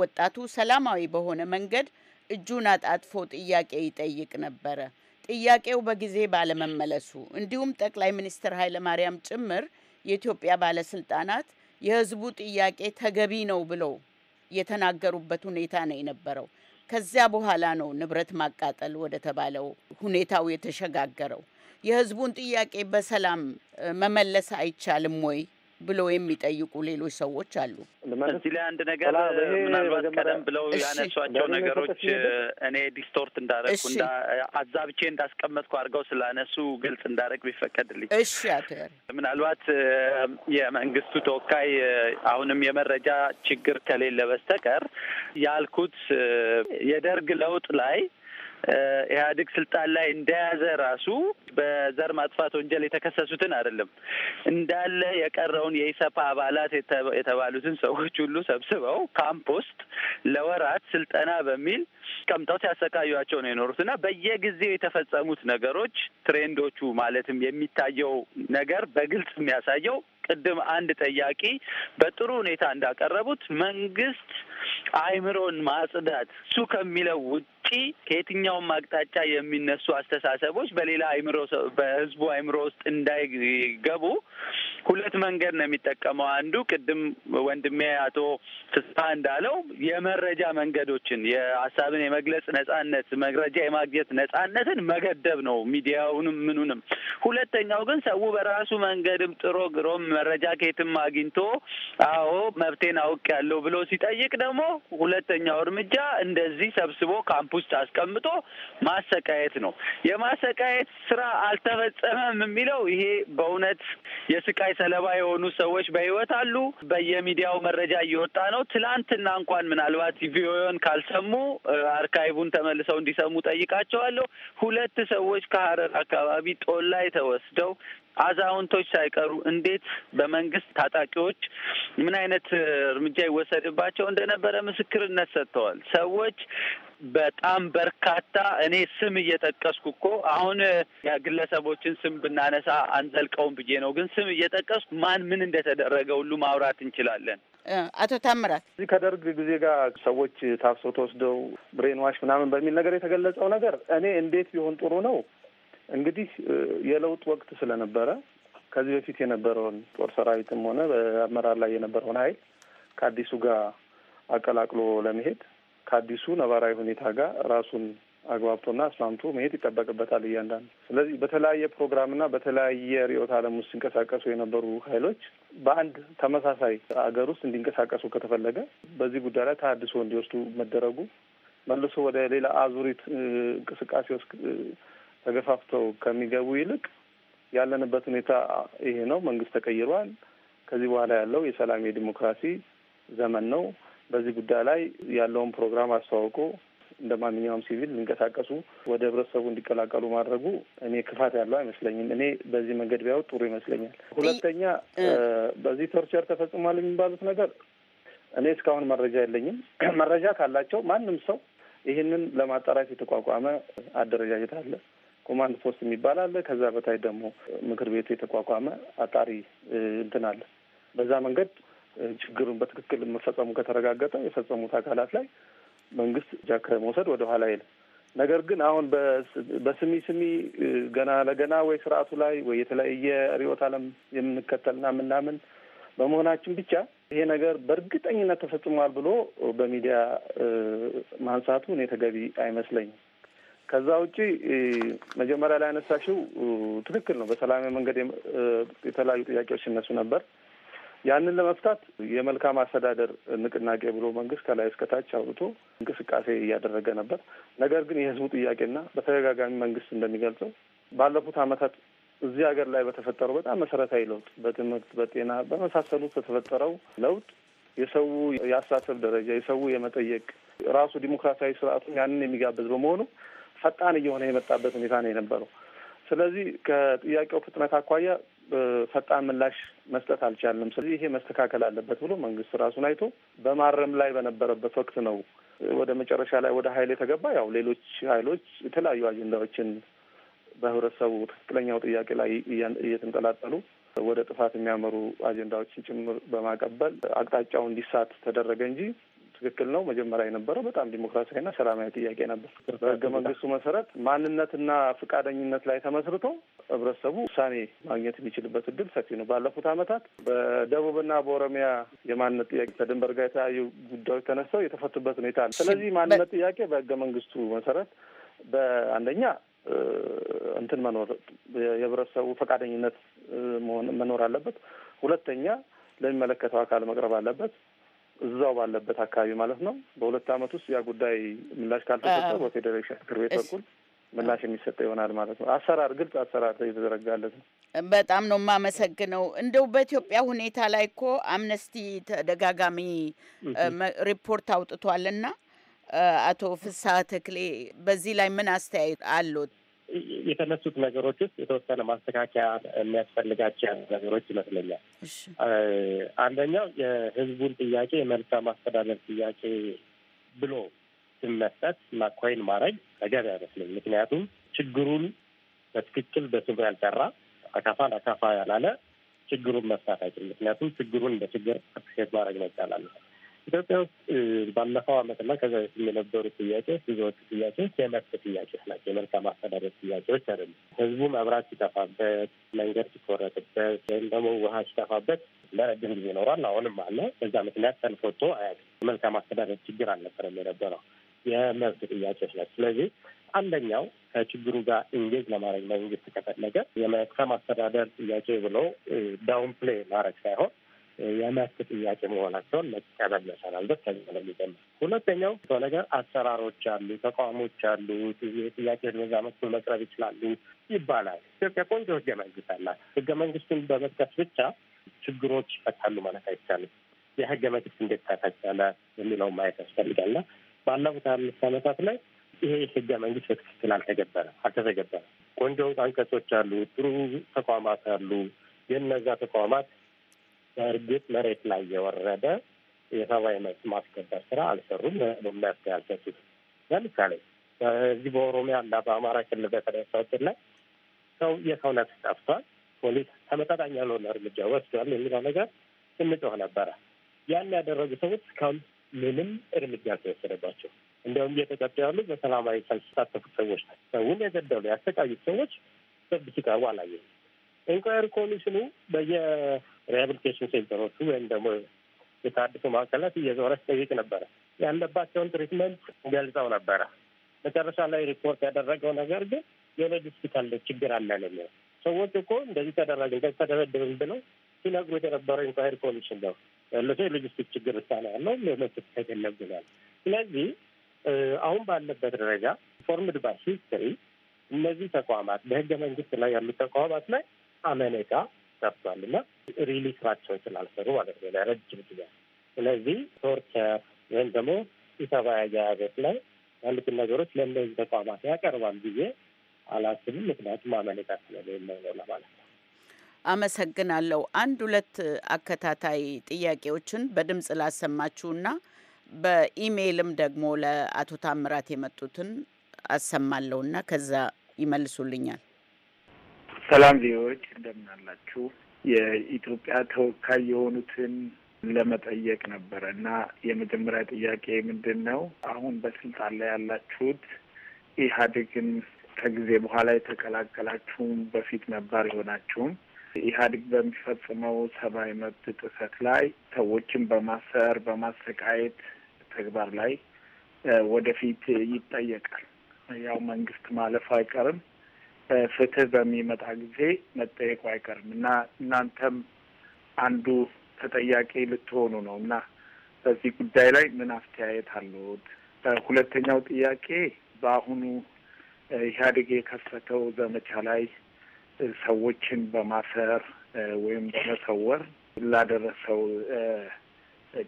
ወጣቱ ሰላማዊ በሆነ መንገድ እጁን አጣጥፎ ጥያቄ ይጠይቅ ነበረ። ጥያቄው በጊዜ ባለመመለሱ እንዲሁም ጠቅላይ ሚኒስትር ኃይለማርያም ጭምር የኢትዮጵያ ባለስልጣናት የህዝቡ ጥያቄ ተገቢ ነው ብለው የተናገሩበት ሁኔታ ነው የነበረው። ከዚያ በኋላ ነው ንብረት ማቃጠል ወደ ተባለው ሁኔታው የተሸጋገረው። የህዝቡን ጥያቄ በሰላም መመለስ አይቻልም ወይ ብሎ የሚጠይቁ ሌሎች ሰዎች አሉ። እዚህ ላይ አንድ ነገር ምናልባት ቀደም ብለው ያነሷቸው ነገሮች እኔ ዲስቶርት እንዳረግኩ አዛብቼ እንዳስቀመጥኩ አድርገው ስላነሱ ግልጽ እንዳደረግ ቢፈቀድልኝ። እሺ፣ አቶ ምናልባት የመንግስቱ ተወካይ አሁንም የመረጃ ችግር ከሌለ በስተቀር ያልኩት የደርግ ለውጥ ላይ ኢህአዴግ ስልጣን ላይ እንደያዘ ራሱ በዘር ማጥፋት ወንጀል የተከሰሱትን አይደለም እንዳለ የቀረውን የኢሰፓ አባላት የተባሉትን ሰዎች ሁሉ ሰብስበው ካምፕ ውስጥ ለወራት ስልጠና በሚል ቀምጠው ሲያሰቃዩቸው ነው የኖሩት እና በየጊዜው የተፈጸሙት ነገሮች ትሬንዶቹ ማለትም የሚታየው ነገር በግልጽ የሚያሳየው ቅድም አንድ ጠያቂ በጥሩ ሁኔታ እንዳቀረቡት መንግስት አይምሮን ማጽዳት እሱ ከሚለው ውጪ ከየትኛውም አቅጣጫ የሚነሱ አስተሳሰቦች በሌላ አይምሮ በህዝቡ አይምሮ ውስጥ እንዳይገቡ ሁለት መንገድ ነው የሚጠቀመው። አንዱ ቅድም ወንድሜ አቶ ፍስሀ እንዳለው የመረጃ መንገዶችን የሀሳብን የመግለጽ ነጻነት፣ መረጃ የማግኘት ነጻነትን መገደብ ነው ሚዲያውንም ምኑንም። ሁለተኛው ግን ሰው በራሱ መንገድም ጥሮ ግሮም መረጃ ከየትም አግኝቶ አዎ መብቴን አውቅ ያለው ብሎ ሲጠይቅ ደግሞ ሁለተኛው እርምጃ እንደዚህ ሰብስቦ ካምፕ ውስጥ አስቀምጦ ማሰቃየት ነው። የማሰቃየት ስራ አልተፈጸመም የሚለው ይሄ በእውነት የስቃይ ሰለባ የሆኑ ሰዎች በህይወት አሉ። በየሚዲያው መረጃ እየወጣ ነው። ትላንትና እንኳን ምናልባት ቪኦኤን ካልሰሙ አርካይቡን ተመልሰው እንዲሰሙ ጠይቃቸዋለሁ። ሁለት ሰዎች ከሀረር አካባቢ ጦላይ ተወስደው አዛውንቶች ሳይቀሩ እንዴት በመንግስት ታጣቂዎች ምን አይነት እርምጃ ይወሰድባቸው እንደነበረ ምስክርነት ሰጥተዋል። ሰዎች በጣም በርካታ እኔ ስም እየጠቀስኩ እኮ አሁን የግለሰቦችን ስም ብናነሳ አንዘልቀውም ብዬ ነው፣ ግን ስም እየጠቀስኩ ማን ምን እንደተደረገ ሁሉ ማውራት እንችላለን። አቶ ታምራት እዚህ ከደርግ ጊዜ ጋር ሰዎች ታፍሶ ተወስደው ብሬንዋሽ ምናምን በሚል ነገር የተገለጸው ነገር እኔ እንዴት ቢሆን ጥሩ ነው እንግዲህ የለውጥ ወቅት ስለነበረ ከዚህ በፊት የነበረውን ጦር ሰራዊትም ሆነ በአመራር ላይ የነበረውን ኃይል ከአዲሱ ጋር አቀላቅሎ ለመሄድ ከአዲሱ ነባራዊ ሁኔታ ጋር ራሱን አግባብቶና አስማምቶ መሄድ ይጠበቅበታል እያንዳንዱ። ስለዚህ በተለያየ ፕሮግራምና በተለያየ ርዕዮተ ዓለም ውስጥ ሲንቀሳቀሱ የነበሩ ኃይሎች በአንድ ተመሳሳይ አገር ውስጥ እንዲንቀሳቀሱ ከተፈለገ በዚህ ጉዳይ ላይ ተሀድሶ እንዲወስዱ መደረጉ መልሶ ወደ ሌላ አዙሪት እንቅስቃሴ ውስጥ ተገፋፍተው ከሚገቡ ይልቅ ያለንበት ሁኔታ ይሄ ነው፣ መንግስት ተቀይሯል፣ ከዚህ በኋላ ያለው የሰላም የዲሞክራሲ ዘመን ነው በዚህ ጉዳይ ላይ ያለውን ፕሮግራም አስተዋውቆ እንደ ማንኛውም ሲቪል ሊንቀሳቀሱ ወደ ህብረተሰቡ እንዲቀላቀሉ ማድረጉ እኔ ክፋት ያለው አይመስለኝም። እኔ በዚህ መንገድ ቢያው ጥሩ ይመስለኛል። ሁለተኛ በዚህ ቶርቸር ተፈጽሟል የሚባሉት ነገር እኔ እስካሁን መረጃ የለኝም። መረጃ ካላቸው ማንም ሰው ይህንን ለማጣራት የተቋቋመ አደረጃጀት አለ። ኮማንድ ፖስት የሚባል አለ። ከዛ በታች ደግሞ ምክር ቤቱ የተቋቋመ አጣሪ እንትን አለ። በዛ መንገድ ችግሩን በትክክል መፈጸሙ ከተረጋገጠ የፈጸሙት አካላት ላይ መንግስት ጃከ ከመውሰድ ወደ ኋላ ነገር ግን አሁን በስሚ ስሚ ገና ለገና ወይ ስርዓቱ ላይ ወይ የተለያየ ርዕዮተ ዓለም የምንከተልና የምናምን በመሆናችን ብቻ ይሄ ነገር በእርግጠኝነት ተፈጽሟል ብሎ በሚዲያ ማንሳቱ እኔ ተገቢ አይመስለኝም። ከዛ ውጪ መጀመሪያ ላይ ያነሳሽው ትክክል ነው። በሰላማዊ መንገድ የተለያዩ ጥያቄዎች ሲነሱ ነበር። ያንን ለመፍታት የመልካም አስተዳደር ንቅናቄ ብሎ መንግስት ከላይ እስከታች አውጥቶ እንቅስቃሴ እያደረገ ነበር። ነገር ግን የህዝቡ ጥያቄና በተደጋጋሚ መንግስት እንደሚገልጸው ባለፉት አመታት እዚህ ሀገር ላይ በተፈጠረው በጣም መሰረታዊ ለውጥ በትምህርት፣ በጤና፣ በመሳሰሉት በተፈጠረው ለውጥ የሰው የአስተሳሰብ ደረጃ የሰው የመጠየቅ ራሱ ዲሞክራሲያዊ ስርዓቱን ያንን የሚጋብዝ በመሆኑ ፈጣን እየሆነ የመጣበት ሁኔታ ነው የነበረው። ስለዚህ ከጥያቄው ፍጥነት አኳያ ፈጣን ምላሽ መስጠት አልቻለም። ስለዚህ ይሄ መስተካከል አለበት ብሎ መንግስት ራሱን አይቶ በማረም ላይ በነበረበት ወቅት ነው ወደ መጨረሻ ላይ ወደ ሀይል የተገባ። ያው ሌሎች ሀይሎች የተለያዩ አጀንዳዎችን በህብረተሰቡ ትክክለኛው ጥያቄ ላይ እየተንጠላጠሉ ወደ ጥፋት የሚያመሩ አጀንዳዎችን ጭምር በማቀበል አቅጣጫው እንዲሳት ተደረገ እንጂ ትክክል ነው። መጀመሪያ የነበረው በጣም ዲሞክራሲያዊና ሰላማዊ ጥያቄ ነበር። በህገ መንግስቱ መሰረት ማንነትና ፈቃደኝነት ላይ ተመስርቶ ህብረተሰቡ ውሳኔ ማግኘት የሚችልበት እድል ሰፊ ነው። ባለፉት አመታት በደቡብና በኦሮሚያ የማንነት ጥያቄ ከድንበር ጋር የተለያዩ ጉዳዮች ተነስተው የተፈቱበት ሁኔታ ነው። ስለዚህ ማንነት ጥያቄ በህገ መንግስቱ መሰረት በአንደኛ እንትን መኖር የህብረተሰቡ ፈቃደኝነት መኖር አለበት። ሁለተኛ ለሚመለከተው አካል መቅረብ አለበት። እዛው ባለበት አካባቢ ማለት ነው። በሁለት ዓመት ውስጥ ያ ጉዳይ ምላሽ ካልተሰጠ በፌዴሬሽን ምክር ቤት በኩል ምላሽ የሚሰጠ ይሆናል ማለት ነው። አሰራር ግልጽ አሰራር የተዘረጋለት ነው። በጣም ነው የማመሰግነው። እንደው በኢትዮጵያ ሁኔታ ላይ እኮ አምነስቲ ተደጋጋሚ ሪፖርት አውጥቷል እና አቶ ፍስሐ ተክሌ በዚህ ላይ ምን አስተያየት አሉት? የተነሱት ነገሮች ውስጥ የተወሰነ ማስተካከያ የሚያስፈልጋቸው ያሉ ነገሮች ይመስለኛል። አንደኛው የህዝቡን ጥያቄ የመልካም አስተዳደር ጥያቄ ብሎ ስም እና ኮይን ማድረግ ነገር አይመስለኝ። ምክንያቱም ችግሩን በትክክል በስሙ ያልጠራ አካፋን አካፋ ያላለ ችግሩን መፍታት አይችልም። ምክንያቱም ችግሩን እንደ ችግር አፕሪሼት ማድረግ ነው ይቻላል ኢትዮጵያ ውስጥ ባለፈው ዓመትና ከዛ በፊት የነበሩ ጥያቄዎች ብዙዎቹ ጥያቄዎች የመብት ጥያቄዎች ናቸው። የመልካም አስተዳደር ጥያቄዎች አይደሉም። ህዝቡ መብራት ሲጠፋበት፣ መንገድ ሲቆረጥበት፣ ወይም ደግሞ ውሃ ሲጠፋበት ለረጅም ጊዜ ይኖሯል። አሁንም አለ። በዛ ምክንያት ሰልፍ ወጥቶ አያውቅም። የመልካም አስተዳደር ችግር አልነበረም የነበረው፣ የመብት ጥያቄዎች ናቸው። ስለዚህ አንደኛው ከችግሩ ጋር ኢንጌጅ ለማድረግ መንግስት ከፈለገ የመልካም አስተዳደር ጥያቄ ብሎ ዳውን ፕሌይ ማድረግ ሳይሆን የመስክ ጥያቄ መሆናቸውን መቀበል መቻል አለበት። ከዚያ ነው የሚጀምር። ሁለተኛው ነገር አሰራሮች አሉ፣ ተቋሞች አሉ፣ ጥያቄ በዛ መልኩ መቅረብ ይችላሉ ይባላል። ኢትዮጵያ ቆንጆ ህገ መንግስት አላት። ህገ መንግስቱን በመጥቀስ ብቻ ችግሮች ይፈታሉ ማለት አይቻልም። የህገ መንግስት እንዴት ተፈጸመ የሚለው ማየት ያስፈልጋልና ባለፉት አምስት ዓመታት ላይ ይሄ ህገ መንግስት በትክክል አልተገበረ አልተተገበረ ቆንጆ አንቀጾች አሉ፣ ጥሩ ተቋማት አሉ። የነዛ ተቋማት በእርግጥ መሬት ላይ የወረደ የሰብአዊ መብት ማስከበር ስራ አልሰሩም፣ መፍትሄ አልሰጡት። ለምሳሌ በዚህ በኦሮሚያ እና በአማራ ክልል በተደሳችን ላይ ሰው የሰው ነፍስ ጠፍቷል፣ ፖሊስ ተመጣጣኝ ያልሆነ እርምጃ ወስዷል የሚለው ነገር ስንጮህ ነበረ። ያን ያደረጉ ሰዎች እስካሁን ምንም እርምጃ አልተወሰደባቸው። እንዲያውም እየተቀጡ ያሉ በሰላማዊ ሰልፍ የተሳተፉት ሰዎች ናቸው። ሰውን የገደሉ ያሰቃዩት ሰዎች ፍርድ ሲቀርቡ አላየንም። ኢንኳሪ ኮሚሽኑ በየ ሪሃብሊቴሽን ሴንተሮቹ ወይም ደግሞ የታድሱ ማዕከላት እየዞረ ጠይቅ ነበረ። ያለባቸውን ትሪትመንት ገልጸው ነበረ። መጨረሻ ላይ ሪፖርት ያደረገው ነገር ግን የሎጂስቲካል ችግር አለን የሚለው ሰዎች እኮ እንደዚህ ተደረግ እንደዚህ ተደበድብን ብለው ሲነግሩ የተነበረው ኢንኳሪ ኮሚሽን ነው ያለሰ የሎጂስቲክ ችግር ብቻ ነው ያለው። ሌሎች ተገለብናል። ስለዚህ አሁን ባለበት ደረጃ ፎርምድ ባይ ሂስትሪ እነዚህ ተቋማት በህገ መንግስት ላይ ያሉት ተቋማት ላይ አመኔታ ሰርቷል እና ሪሊ ስራቸው ስላልሰሩ ማለት ነው ለረጅም ጊዜ። ስለዚህ ቶርቸር ወይም ደግሞ ኢሰብአዊ አያያዞች ላይ ያሉትን ነገሮች ለእነዚህ ተቋማት ያቀርባል ጊዜ አላስብም። ምክንያቱም አመኔታ ስለሌለው ነው ለማለት ነው። አመሰግናለሁ። አንድ ሁለት አከታታይ ጥያቄዎችን በድምፅ ላሰማችሁና በኢሜይልም ደግሞ ለአቶ ታምራት የመጡትን አሰማለሁና ከዛ ይመልሱልኛል። ሰላም ዜዎች እንደምን አላችሁ? የኢትዮጵያ ተወካይ የሆኑትን ለመጠየቅ ነበረ እና የመጀመሪያ ጥያቄ ምንድን ነው? አሁን በስልጣን ላይ ያላችሁት ኢህአዴግን ከጊዜ በኋላ የተቀላቀላችሁም በፊት ነባር የሆናችሁም ኢህአዴግ በሚፈጽመው ሰብአዊ መብት ጥሰት ላይ ሰዎችን በማሰር በማሰቃየት ተግባር ላይ ወደፊት ይጠየቃል። ያው መንግስት ማለፍ አይቀርም። ፍትህ በሚመጣ ጊዜ መጠየቁ አይቀርም እና እናንተም አንዱ ተጠያቂ ልትሆኑ ነው እና በዚህ ጉዳይ ላይ ምን አስተያየት አለዎት? ሁለተኛው ጥያቄ በአሁኑ ኢህአዴግ የከፈተው ዘመቻ ላይ ሰዎችን በማሰር ወይም በመሰወር ላደረሰው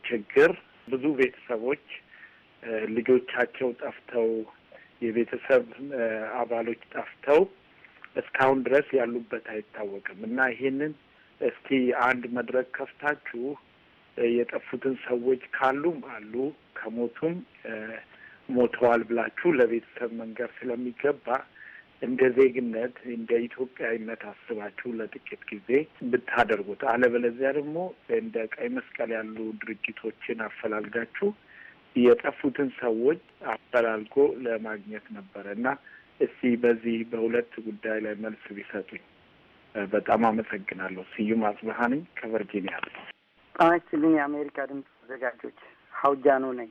ችግር ብዙ ቤተሰቦች ልጆቻቸው ጠፍተው የቤተሰብ አባሎች ጠፍተው እስካሁን ድረስ ያሉበት አይታወቅም እና ይሄንን እስኪ አንድ መድረክ ከፍታችሁ የጠፉትን ሰዎች ካሉም አሉ ከሞቱም ሞተዋል ብላችሁ ለቤተሰብ መንገር ስለሚገባ እንደ ዜግነት እንደ ኢትዮጵያዊነት አስባችሁ ለጥቂት ጊዜ ብታደርጉት፣ አለበለዚያ ደግሞ እንደ ቀይ መስቀል ያሉ ድርጅቶችን አፈላልጋችሁ የጠፉትን ሰዎች አፈላልጎ ለማግኘት ነበረ እና እስቲ በዚህ በሁለት ጉዳይ ላይ መልስ ቢሰጡኝ በጣም አመሰግናለሁ። ስዩም አጽብሃ ነኝ ከቨርጂኒያ። ጤና ይስጥልኝ የአሜሪካ ድምፅ አዘጋጆች፣ ሀውጃኖ ነኝ።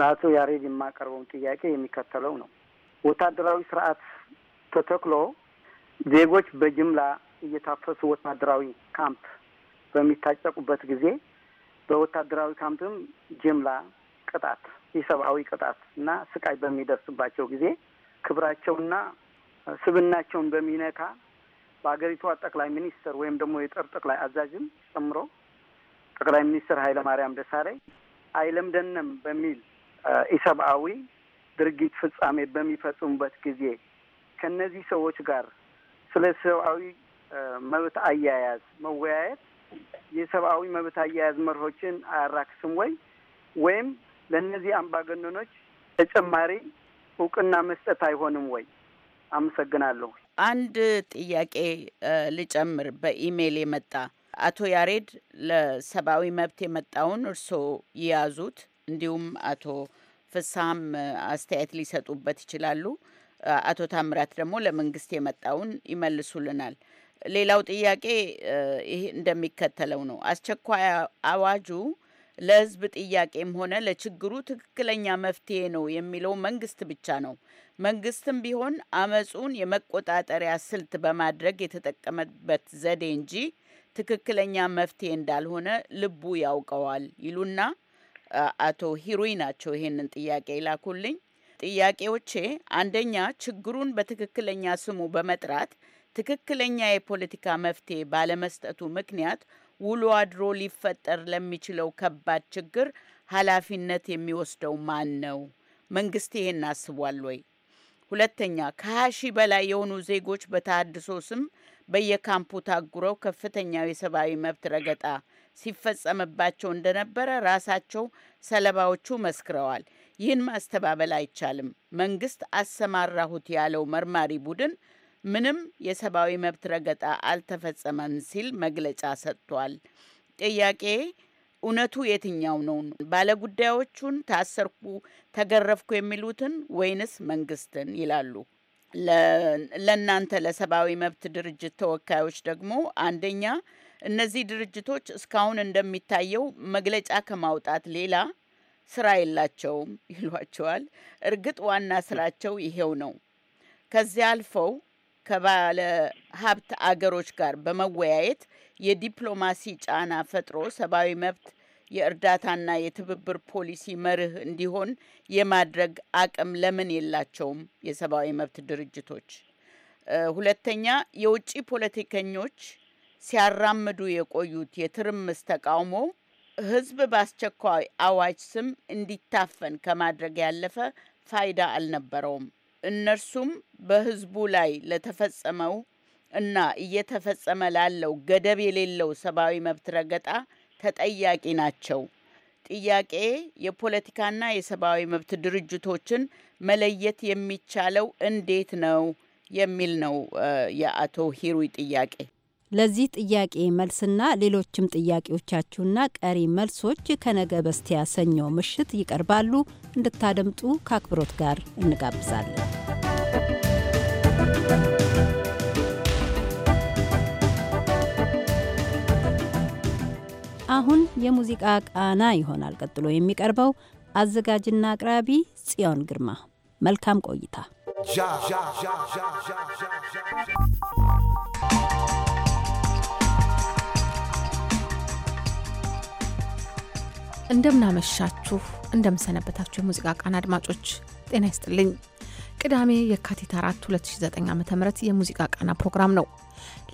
ለአቶ ያሬድ የማቀርበውን ጥያቄ የሚከተለው ነው። ወታደራዊ ስርዓት ተተክሎ ዜጎች በጅምላ እየታፈሱ ወታደራዊ ካምፕ በሚታጨቁበት ጊዜ በወታደራዊ ካምፕም ጅምላ ቅጣት፣ የሰብአዊ ቅጣት እና ስቃይ በሚደርስባቸው ጊዜ ክብራቸውና ስብናቸውን በሚነካ በሀገሪቷ ጠቅላይ ሚኒስትር ወይም ደግሞ የጦር ጠቅላይ አዛዥም ጨምሮ ጠቅላይ ሚኒስትር ኃይለ ማርያም ደሳለኝ አይለምደንም በሚል ኢሰብአዊ ድርጊት ፍጻሜ በሚፈጽሙበት ጊዜ ከእነዚህ ሰዎች ጋር ስለ ሰብአዊ መብት አያያዝ መወያየት የሰብአዊ መብት አያያዝ መርሆችን አያራክስም ወይ? ወይም ለእነዚህ አምባገነኖች ተጨማሪ እውቅና መስጠት አይሆንም ወይ? አመሰግናለሁ። አንድ ጥያቄ ልጨምር። በኢሜይል የመጣ አቶ ያሬድ ለሰብአዊ መብት የመጣውን እርስዎ ይያዙት፣ እንዲሁም አቶ ፍሳም አስተያየት ሊሰጡበት ይችላሉ። አቶ ታምራት ደግሞ ለመንግስት የመጣውን ይመልሱልናል። ሌላው ጥያቄ ይህ እንደሚከተለው ነው። አስቸኳይ አዋጁ ለህዝብ ጥያቄም ሆነ ለችግሩ ትክክለኛ መፍትሄ ነው የሚለው መንግስት ብቻ ነው። መንግስትም ቢሆን አመፁን የመቆጣጠሪያ ስልት በማድረግ የተጠቀመበት ዘዴ እንጂ ትክክለኛ መፍትሄ እንዳልሆነ ልቡ ያውቀዋል ይሉና አቶ ሂሩይ ናቸው ይሄንን ጥያቄ ይላኩልኝ። ጥያቄዎቼ አንደኛ ችግሩን በትክክለኛ ስሙ በመጥራት ትክክለኛ የፖለቲካ መፍትሄ ባለመስጠቱ ምክንያት ውሎ አድሮ ሊፈጠር ለሚችለው ከባድ ችግር ኃላፊነት የሚወስደው ማን ነው? መንግስት ይሄን አስቧል ወይ? ሁለተኛ ከሀያ ሺህ በላይ የሆኑ ዜጎች በተሃድሶ ስም በየካምፑ ታጉረው ከፍተኛው የሰብአዊ መብት ረገጣ ሲፈጸምባቸው እንደነበረ ራሳቸው ሰለባዎቹ መስክረዋል። ይህን ማስተባበል አይቻልም። መንግስት አሰማራሁት ያለው መርማሪ ቡድን ምንም የሰብአዊ መብት ረገጣ አልተፈጸመም ሲል መግለጫ ሰጥቷል። ጥያቄ እውነቱ የትኛው ነው? ባለጉዳዮቹን ታሰርኩ፣ ተገረፍኩ የሚሉትን ወይንስ መንግስትን? ይላሉ። ለእናንተ ለሰብአዊ መብት ድርጅት ተወካዮች ደግሞ አንደኛ እነዚህ ድርጅቶች እስካሁን እንደሚታየው መግለጫ ከማውጣት ሌላ ስራ የላቸውም ይሏቸዋል። እርግጥ ዋና ስራቸው ይሄው ነው። ከዚያ አልፈው ከባለ ሀብት አገሮች ጋር በመወያየት የዲፕሎማሲ ጫና ፈጥሮ ሰብአዊ መብት የእርዳታና የትብብር ፖሊሲ መርህ እንዲሆን የማድረግ አቅም ለምን የላቸውም የሰብአዊ መብት ድርጅቶች? ሁለተኛ የውጭ ፖለቲከኞች ሲያራምዱ የቆዩት የትርምስ ተቃውሞ ህዝብ በአስቸኳይ አዋጅ ስም እንዲታፈን ከማድረግ ያለፈ ፋይዳ አልነበረውም። እነርሱም በህዝቡ ላይ ለተፈጸመው እና እየተፈጸመ ላለው ገደብ የሌለው ሰብአዊ መብት ረገጣ ተጠያቂ ናቸው። ጥያቄ የፖለቲካና የሰብአዊ መብት ድርጅቶችን መለየት የሚቻለው እንዴት ነው? የሚል ነው የአቶ ሂሩይ ጥያቄ። ለዚህ ጥያቄ መልስና ሌሎችም ጥያቄዎቻችሁና ቀሪ መልሶች ከነገ በስቲያ ሰኞ ምሽት ይቀርባሉ። እንድታደምጡ ከአክብሮት ጋር እንጋብዛለን። አሁን የሙዚቃ ቃና ይሆናል ቀጥሎ የሚቀርበው። አዘጋጅና አቅራቢ ጽዮን ግርማ። መልካም ቆይታ። እንደምናመሻችሁ እንደምሰነበታችሁ የሙዚቃ ቃና አድማጮች ጤና ይስጥልኝ። ቅዳሜ የካቲት 4 2009 ዓ ም የሙዚቃ ቃና ፕሮግራም ነው።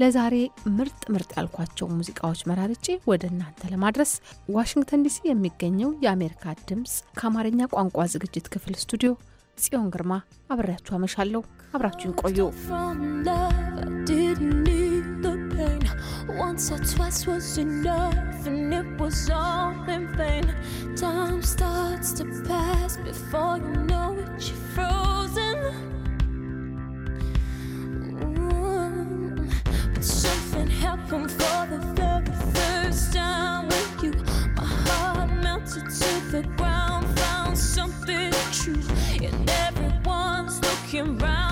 ለዛሬ ምርጥ ምርጥ ያልኳቸው ሙዚቃዎች መራርጬ ወደ እናንተ ለማድረስ ዋሽንግተን ዲሲ የሚገኘው የአሜሪካ ድምፅ ከአማርኛ ቋንቋ ዝግጅት ክፍል ስቱዲዮ ጽዮን ግርማ አብሬያችሁ አመሻለሁ። አብራችሁን ቆዩ። Once or twice was enough, and it was all in vain. Time starts to pass before you know it, you're frozen. Mm, but something happened for the very first time with you. My heart melted to the ground, found something true, and everyone's looking round.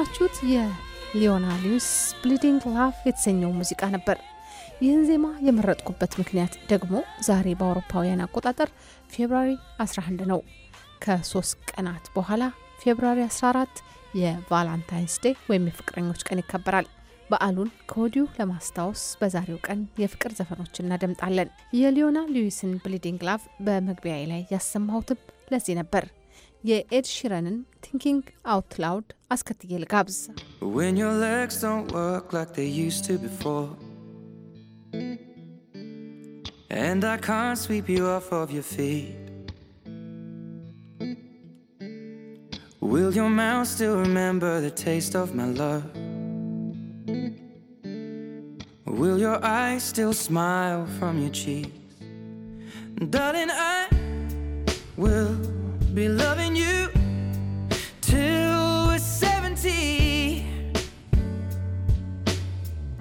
የሰማችሁት የሊዮናሊዩስ ብሊዲንግ ላቭ የተሰኘው ሙዚቃ ነበር። ይህን ዜማ የመረጥኩበት ምክንያት ደግሞ ዛሬ በአውሮፓውያን አቆጣጠር ፌብራሪ 11 ነው። ከሶስት ቀናት በኋላ ፌብራሪ 14 የቫላንታይንስ ዴይ ወይም የፍቅረኞች ቀን ይከበራል። በዓሉን ከወዲሁ ለማስታወስ በዛሬው ቀን የፍቅር ዘፈኖች እናደምጣለን። የሊዮና ሊዊስን ብሊዲንግ ላቭ በመግቢያ ላይ ያሰማሁትም ለዚህ ነበር። የኤድ ሺረንን ቲንኪንግ አውት ላውድ አስከትዬ ልጋብዝ። When your legs don't work like they used to before And I can't sweep you off of your feet Will your mouth still remember the taste of my love? Will your eyes still smile from your cheeks? Darling, I will be loving you till we're 70.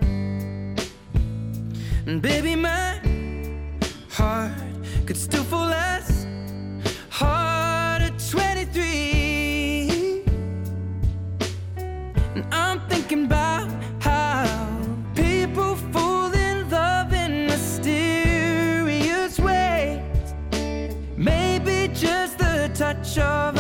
And baby, my heart could still fall less. much of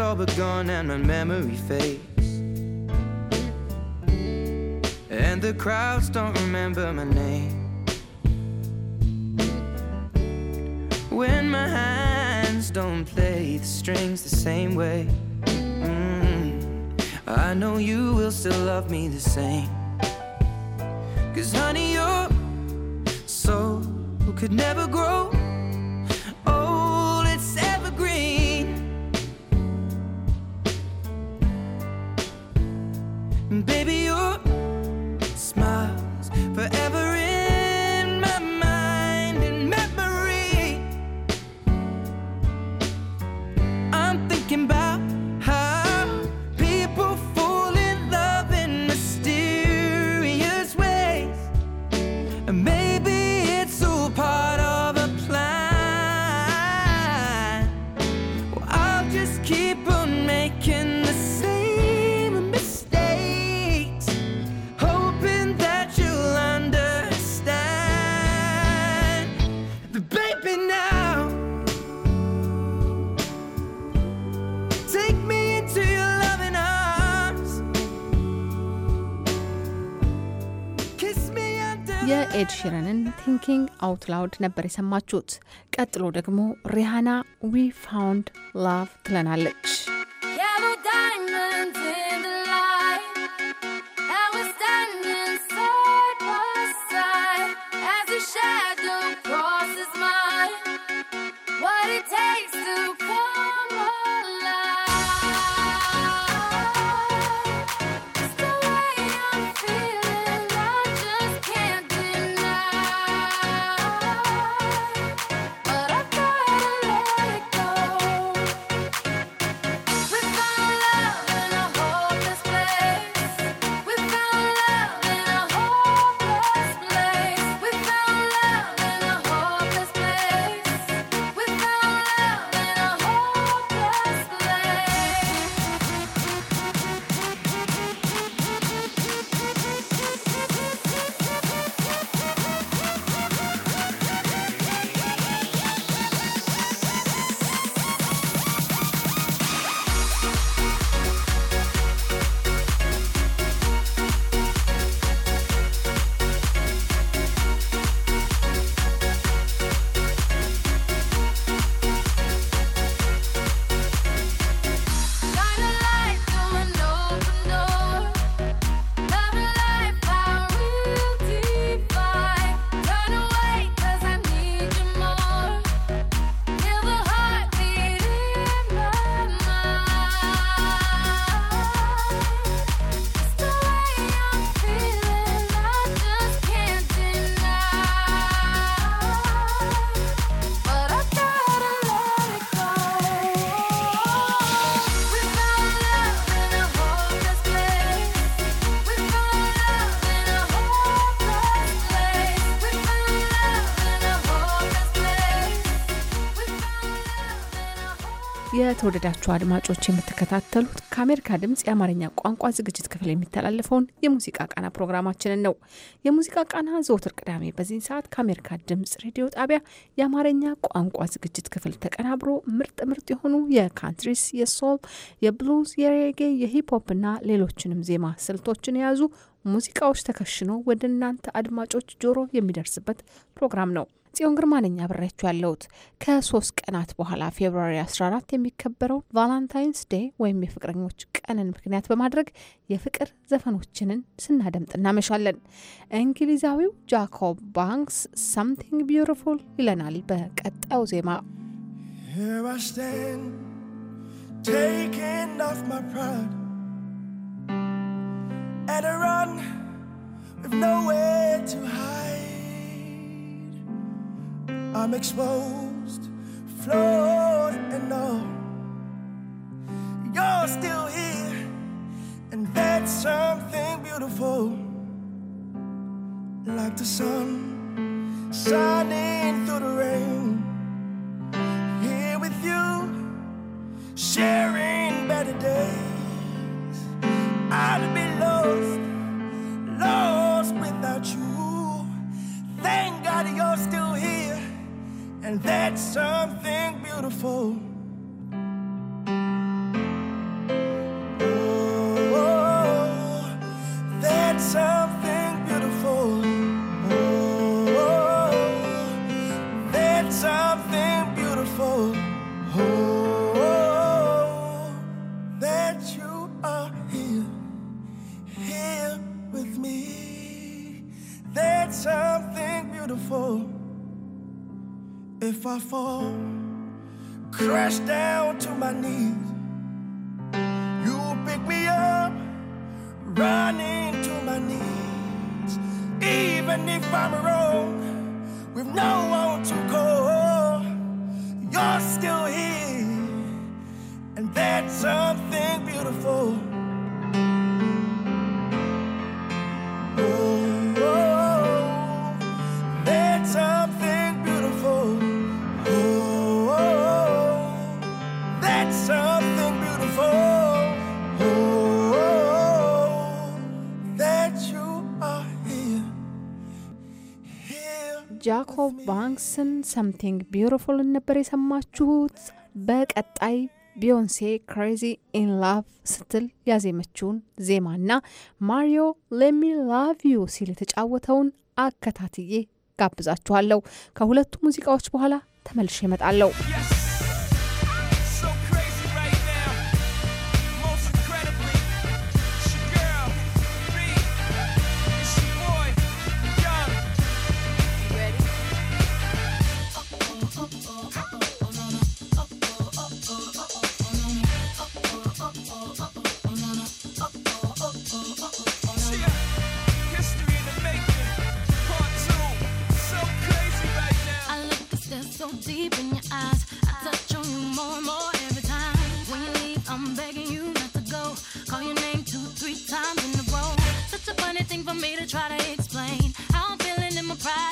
all but gone, and my memory fades. And the crowds don't remember my name. When my hands don't play the strings the same way, mm, I know you will still love me the same. Cause honey, your soul could never grow. ኤድ ሺረንን ቲንኪንግ አውት ላውድ ነበር የሰማችሁት። ቀጥሎ ደግሞ ሪሃና ዊ ፋውንድ ላቭ ትለናለች። የተወደዳችሁ አድማጮች የምትከታተሉት ከአሜሪካ ድምፅ የአማርኛ ቋንቋ ዝግጅት ክፍል የሚተላለፈውን የሙዚቃ ቃና ፕሮግራማችንን ነው። የሙዚቃ ቃና ዘወትር ቅዳሜ በዚህን ሰዓት ከአሜሪካ ድምፅ ሬዲዮ ጣቢያ የአማርኛ ቋንቋ ዝግጅት ክፍል ተቀናብሮ ምርጥ ምርጥ የሆኑ የካንትሪስ፣ የሶል፣ የብሉዝ፣ የሬጌ፣ የሂፕሆፕ እና ሌሎችንም ዜማ ስልቶችን የያዙ ሙዚቃዎች ተከሽኖ ወደ እናንተ አድማጮች ጆሮ የሚደርስበት ፕሮግራም ነው። ጽዮን ግርማ ነኝ አብሬያችሁ ያለሁት። ከሶስት ቀናት በኋላ ፌብርዋሪ 14 የሚከበረውን ቫላንታይንስ ዴይ ወይም የፍቅረኞች ቀንን ምክንያት በማድረግ የፍቅር ዘፈኖችንን ስናደምጥ እናመሻለን። እንግሊዛዊው ጃኮብ ባንክስ ሳምቲንግ ቢዩቲፉል ይለናል በቀጣዩ ዜማ Here I stand, taking off my pride at a run with nowhere to hide. I'm exposed, flawed and all. You're still here, and that's something beautiful. Like the sun shining through the rain. Here with you, sharing better days. I'd be lost, lost without you. Thank God you're still here and that's something beautiful. I fall, crash down to my knees. You pick me up, running to my knees. Even if I'm wrong, with no one to call, you're still here, and that's something beautiful. ባንክስን ሰምቲንግ ቢውቲፉልን ነበር የሰማችሁት። በቀጣይ ቢዮንሴ ክሬዚ ኢን ላቭ ስትል ያዜመችውን ዜማና ማሪዮ ሌሚ ላቭ ዩ ሲል የተጫወተውን አከታትዬ ጋብዛችኋለሁ። ከሁለቱ ሙዚቃዎች በኋላ ተመልሼ እመጣለሁ። so deep in your eyes. I touch on you more and more every time. When you leave, I'm begging you not to go. Call your name two, three times in a row. Such a funny thing for me to try to explain. How I'm feeling in my pride.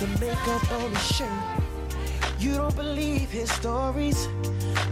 the makeup on his shirt. You don't believe his stories.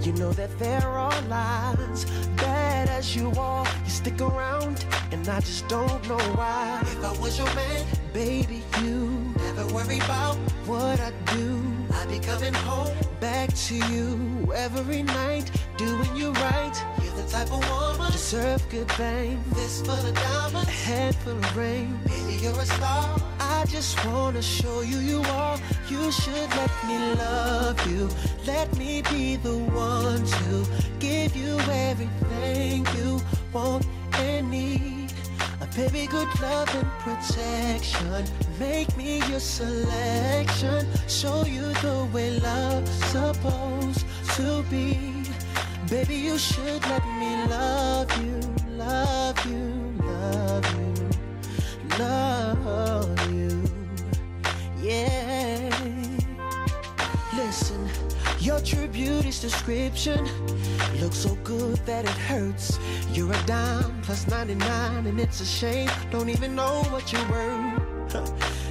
You know that there are lies. Bad as you are, you stick around, and I just don't know why. If I was your man, baby, you never worry about what I do. I'd be coming home back to you every night, doing you right. You're the type of woman deserve good fame. This for the diamonds, a head full of rain. Baby, you're a star. I just wanna show you you are. You should let me love you. Let me be the one to give you everything you want and need. A baby, good love and protection. Make me your selection. Show you the way love's supposed to be. Baby, you should let me love you. to this description Looks so good that it hurts You're a dime plus 99 and it's a shame Don't even know what you were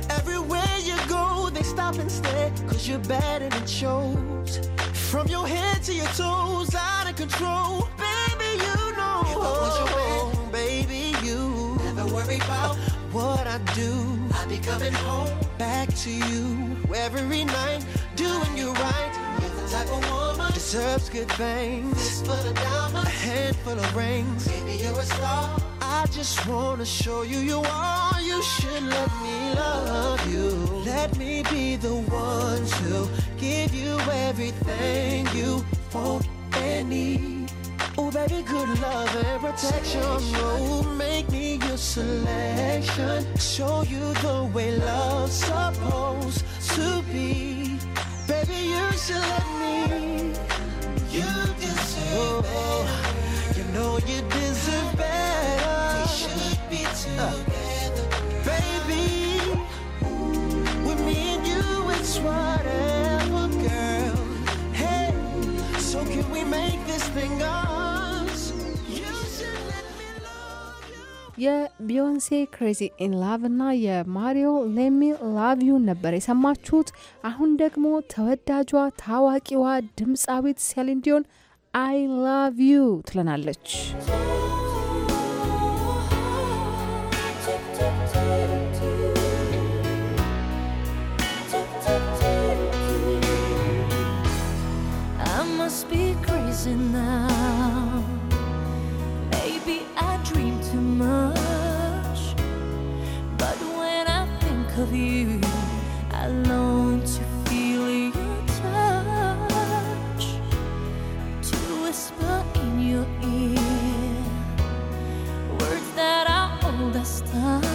Everywhere you go they stop and stare Cause you're bad and it shows From your head to your toes out of control Baby you know If I was your man, oh, baby you Never worry about what I do I'll be coming home back to you Every night doing you right type of woman deserves good things. Fistful of diamonds, a handful of rings. Maybe you're a star. I just wanna show you you are. You should let me love you. Let me be the one to give you everything you want and need. Oh, baby, good love and protection. Oh, make me your selection. Show you the way love's supposed to be promise you love me. You deserve oh, better. You know you deserve better. We should be together, uh, baby. With me and you, it's whatever, girl. Hey, so can we make this thing up? የቢዮንሴ ክሬዚ ኢን ላቭ እና የማሪዮ ሌሚ ላቪዩን ነበር የሰማችሁት። አሁን ደግሞ ተወዳጇ ታዋቂዋ ድምፃዊት ሴሊን ዲዮን አይ ላቭ ዩ ትለናለች። be crazy now much. But when I think of you, I long to feel your touch, to whisper in your ear words that are old as time.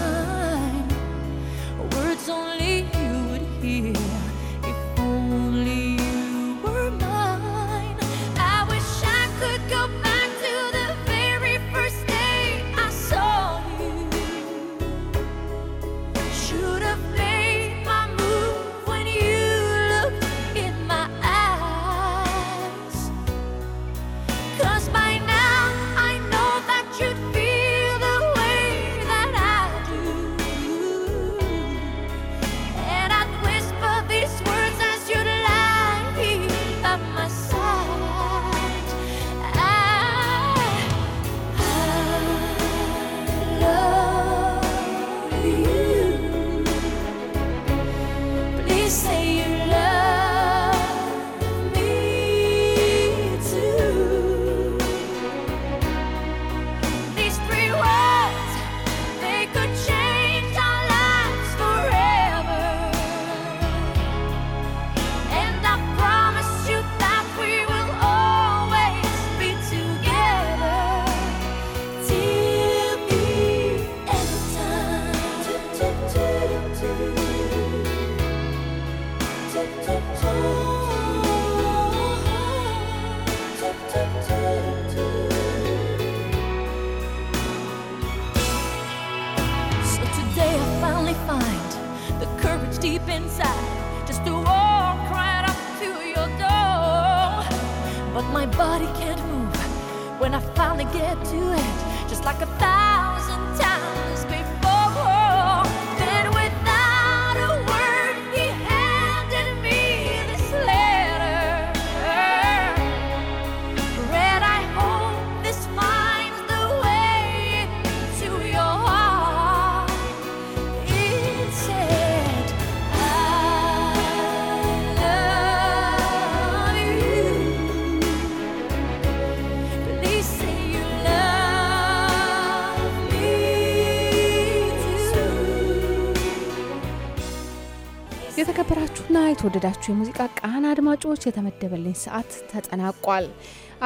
የተወደዳችሁ የሙዚቃ ቃና አድማጮች የተመደበልኝ ሰዓት ተጠናቋል።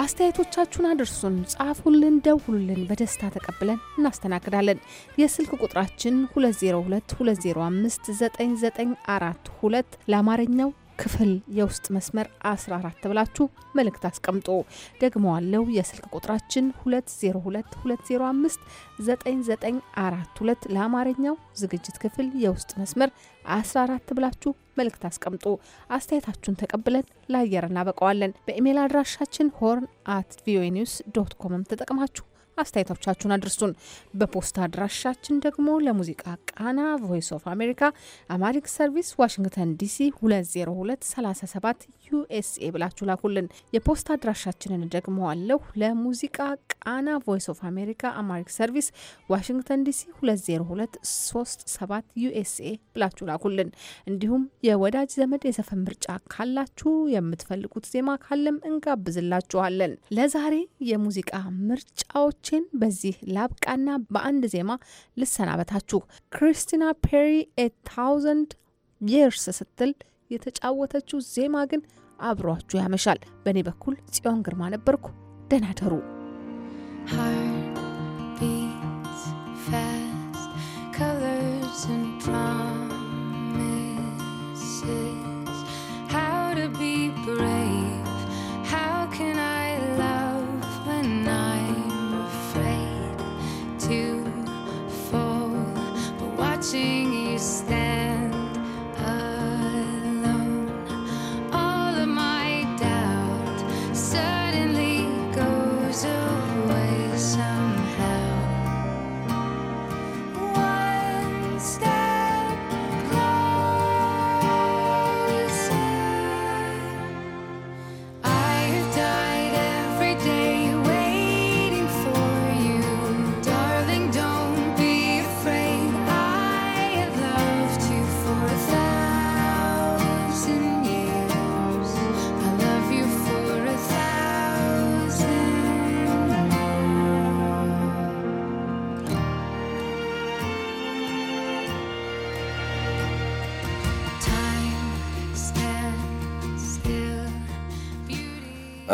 አስተያየቶቻችሁን አድርሱን፣ ጻፉልን፣ ደውሉልን። በደስታ ተቀብለን እናስተናግዳለን። የስልክ ቁጥራችን 2022059942 ለአማርኛው ክፍል የውስጥ መስመር 14 ብላችሁ መልእክት አስቀምጦ ደግሞ አለው። የስልክ ቁጥራችን 2022059942 ለአማርኛው ዝግጅት ክፍል የውስጥ መስመር 14 ብላችሁ መልእክት አስቀምጡ። አስተያየታችሁን ተቀብለን ለአየር እናበቀዋለን። በኢሜይል አድራሻችን ሆርን አት ቪኦኤ ኒውስ ዶት ኮምም ተጠቅማችሁ አስተያየቶቻችሁን አድርሱን። በፖስታ አድራሻችን ደግሞ ለሙዚቃ ቃና ቮይስ ኦፍ አሜሪካ አማሪክ ሰርቪስ ዋሽንግተን ዲሲ 20237 ዩኤስኤ ብላችሁ ላኩልን። የፖስታ አድራሻችንን ደግሞ አለሁ ለሙዚቃ ቃና ቮይስ ኦፍ አሜሪካ አማሪክ ሰርቪስ ዋሽንግተን ዲሲ 20237 ዩኤስኤ ብላችሁ ላኩልን። እንዲሁም የወዳጅ ዘመድ የዘፈን ምርጫ ካላችሁ የምትፈልጉት ዜማ ካለም እንጋብዝላችኋለን። ለዛሬ የሙዚቃ ምርጫዎች ዝግጅቶችን በዚህ ላብቃና በአንድ ዜማ ልሰናበታችሁ። ክሪስቲና ፔሪ ኤ ታውዘንድ የርስ ስትል የተጫወተችው ዜማ ግን አብሯችሁ ያመሻል። በእኔ በኩል ጽዮን ግርማ ነበርኩ። ደናደሩ ደሩ።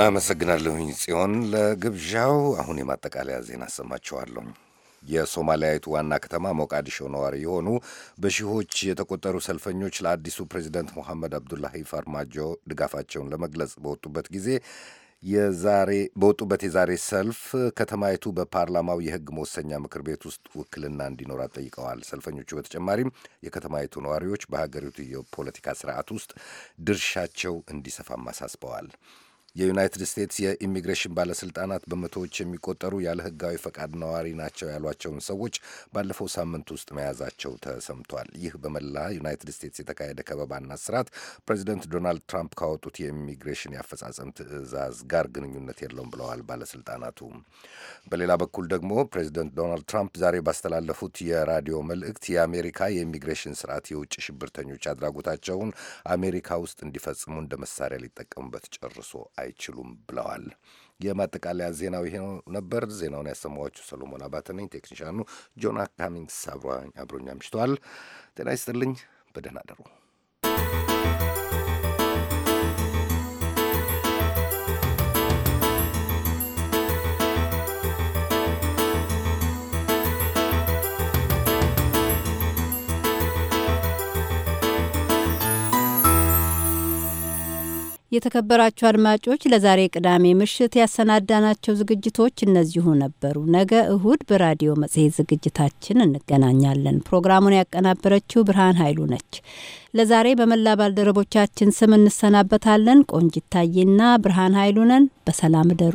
አመሰግናለሁኝ ጽዮን ለግብዣው። አሁን የማጠቃለያ ዜና አሰማችኋለሁ። የሶማሊያዊቱ ዋና ከተማ ሞቃዲሾ ነዋሪ የሆኑ በሺዎች የተቆጠሩ ሰልፈኞች ለአዲሱ ፕሬዚደንት ሞሐመድ አብዱላሂ ፋርማጆ ድጋፋቸውን ለመግለጽ በወጡበት ጊዜ የዛሬ በወጡበት የዛሬ ሰልፍ ከተማይቱ በፓርላማው የሕግ መወሰኛ ምክር ቤት ውስጥ ውክልና እንዲኖራት ጠይቀዋል። ሰልፈኞቹ በተጨማሪም የከተማይቱ ነዋሪዎች በሀገሪቱ የፖለቲካ ስርዓት ውስጥ ድርሻቸው እንዲሰፋም አሳስበዋል። የዩናይትድ ስቴትስ የኢሚግሬሽን ባለስልጣናት በመቶዎች የሚቆጠሩ ያለ ህጋዊ ፈቃድ ነዋሪ ናቸው ያሏቸውን ሰዎች ባለፈው ሳምንት ውስጥ መያዛቸው ተሰምቷል። ይህ በመላ ዩናይትድ ስቴትስ የተካሄደ ከበባና ስርዓት ፕሬዚደንት ዶናልድ ትራምፕ ካወጡት የኢሚግሬሽን የአፈጻጸም ትዕዛዝ ጋር ግንኙነት የለውም ብለዋል ባለስልጣናቱ። በሌላ በኩል ደግሞ ፕሬዚደንት ዶናልድ ትራምፕ ዛሬ ባስተላለፉት የራዲዮ መልእክት የአሜሪካ የኢሚግሬሽን ስርዓት የውጭ ሽብርተኞች አድራጎታቸውን አሜሪካ ውስጥ እንዲፈጽሙ እንደ መሳሪያ ሊጠቀሙበት ጨርሶ አይ አይችሉም ብለዋል። የማጠቃለያ ዜናው ይሄ ነበር። ዜናውን ያሰማኋችሁ ሰሎሞን አባተ ነኝ። ቴክኒሻኑ ጆና ካሚንግስ አብሮኝ አምሽተዋል። ጤና ይስጥልኝ። በደህና አደሩ። የተከበራችሁ አድማጮች ለዛሬ ቅዳሜ ምሽት ያሰናዳናቸው ዝግጅቶች እነዚሁ ነበሩ። ነገ እሁድ በራዲዮ መጽሔት ዝግጅታችን እንገናኛለን። ፕሮግራሙን ያቀናበረችው ብርሃን ኃይሉ ነች። ለዛሬ በመላ ባልደረቦቻችን ስም እንሰናበታለን። ቆንጅታዬና ብርሃን ኃይሉ ነን። በሰላም እደሩ።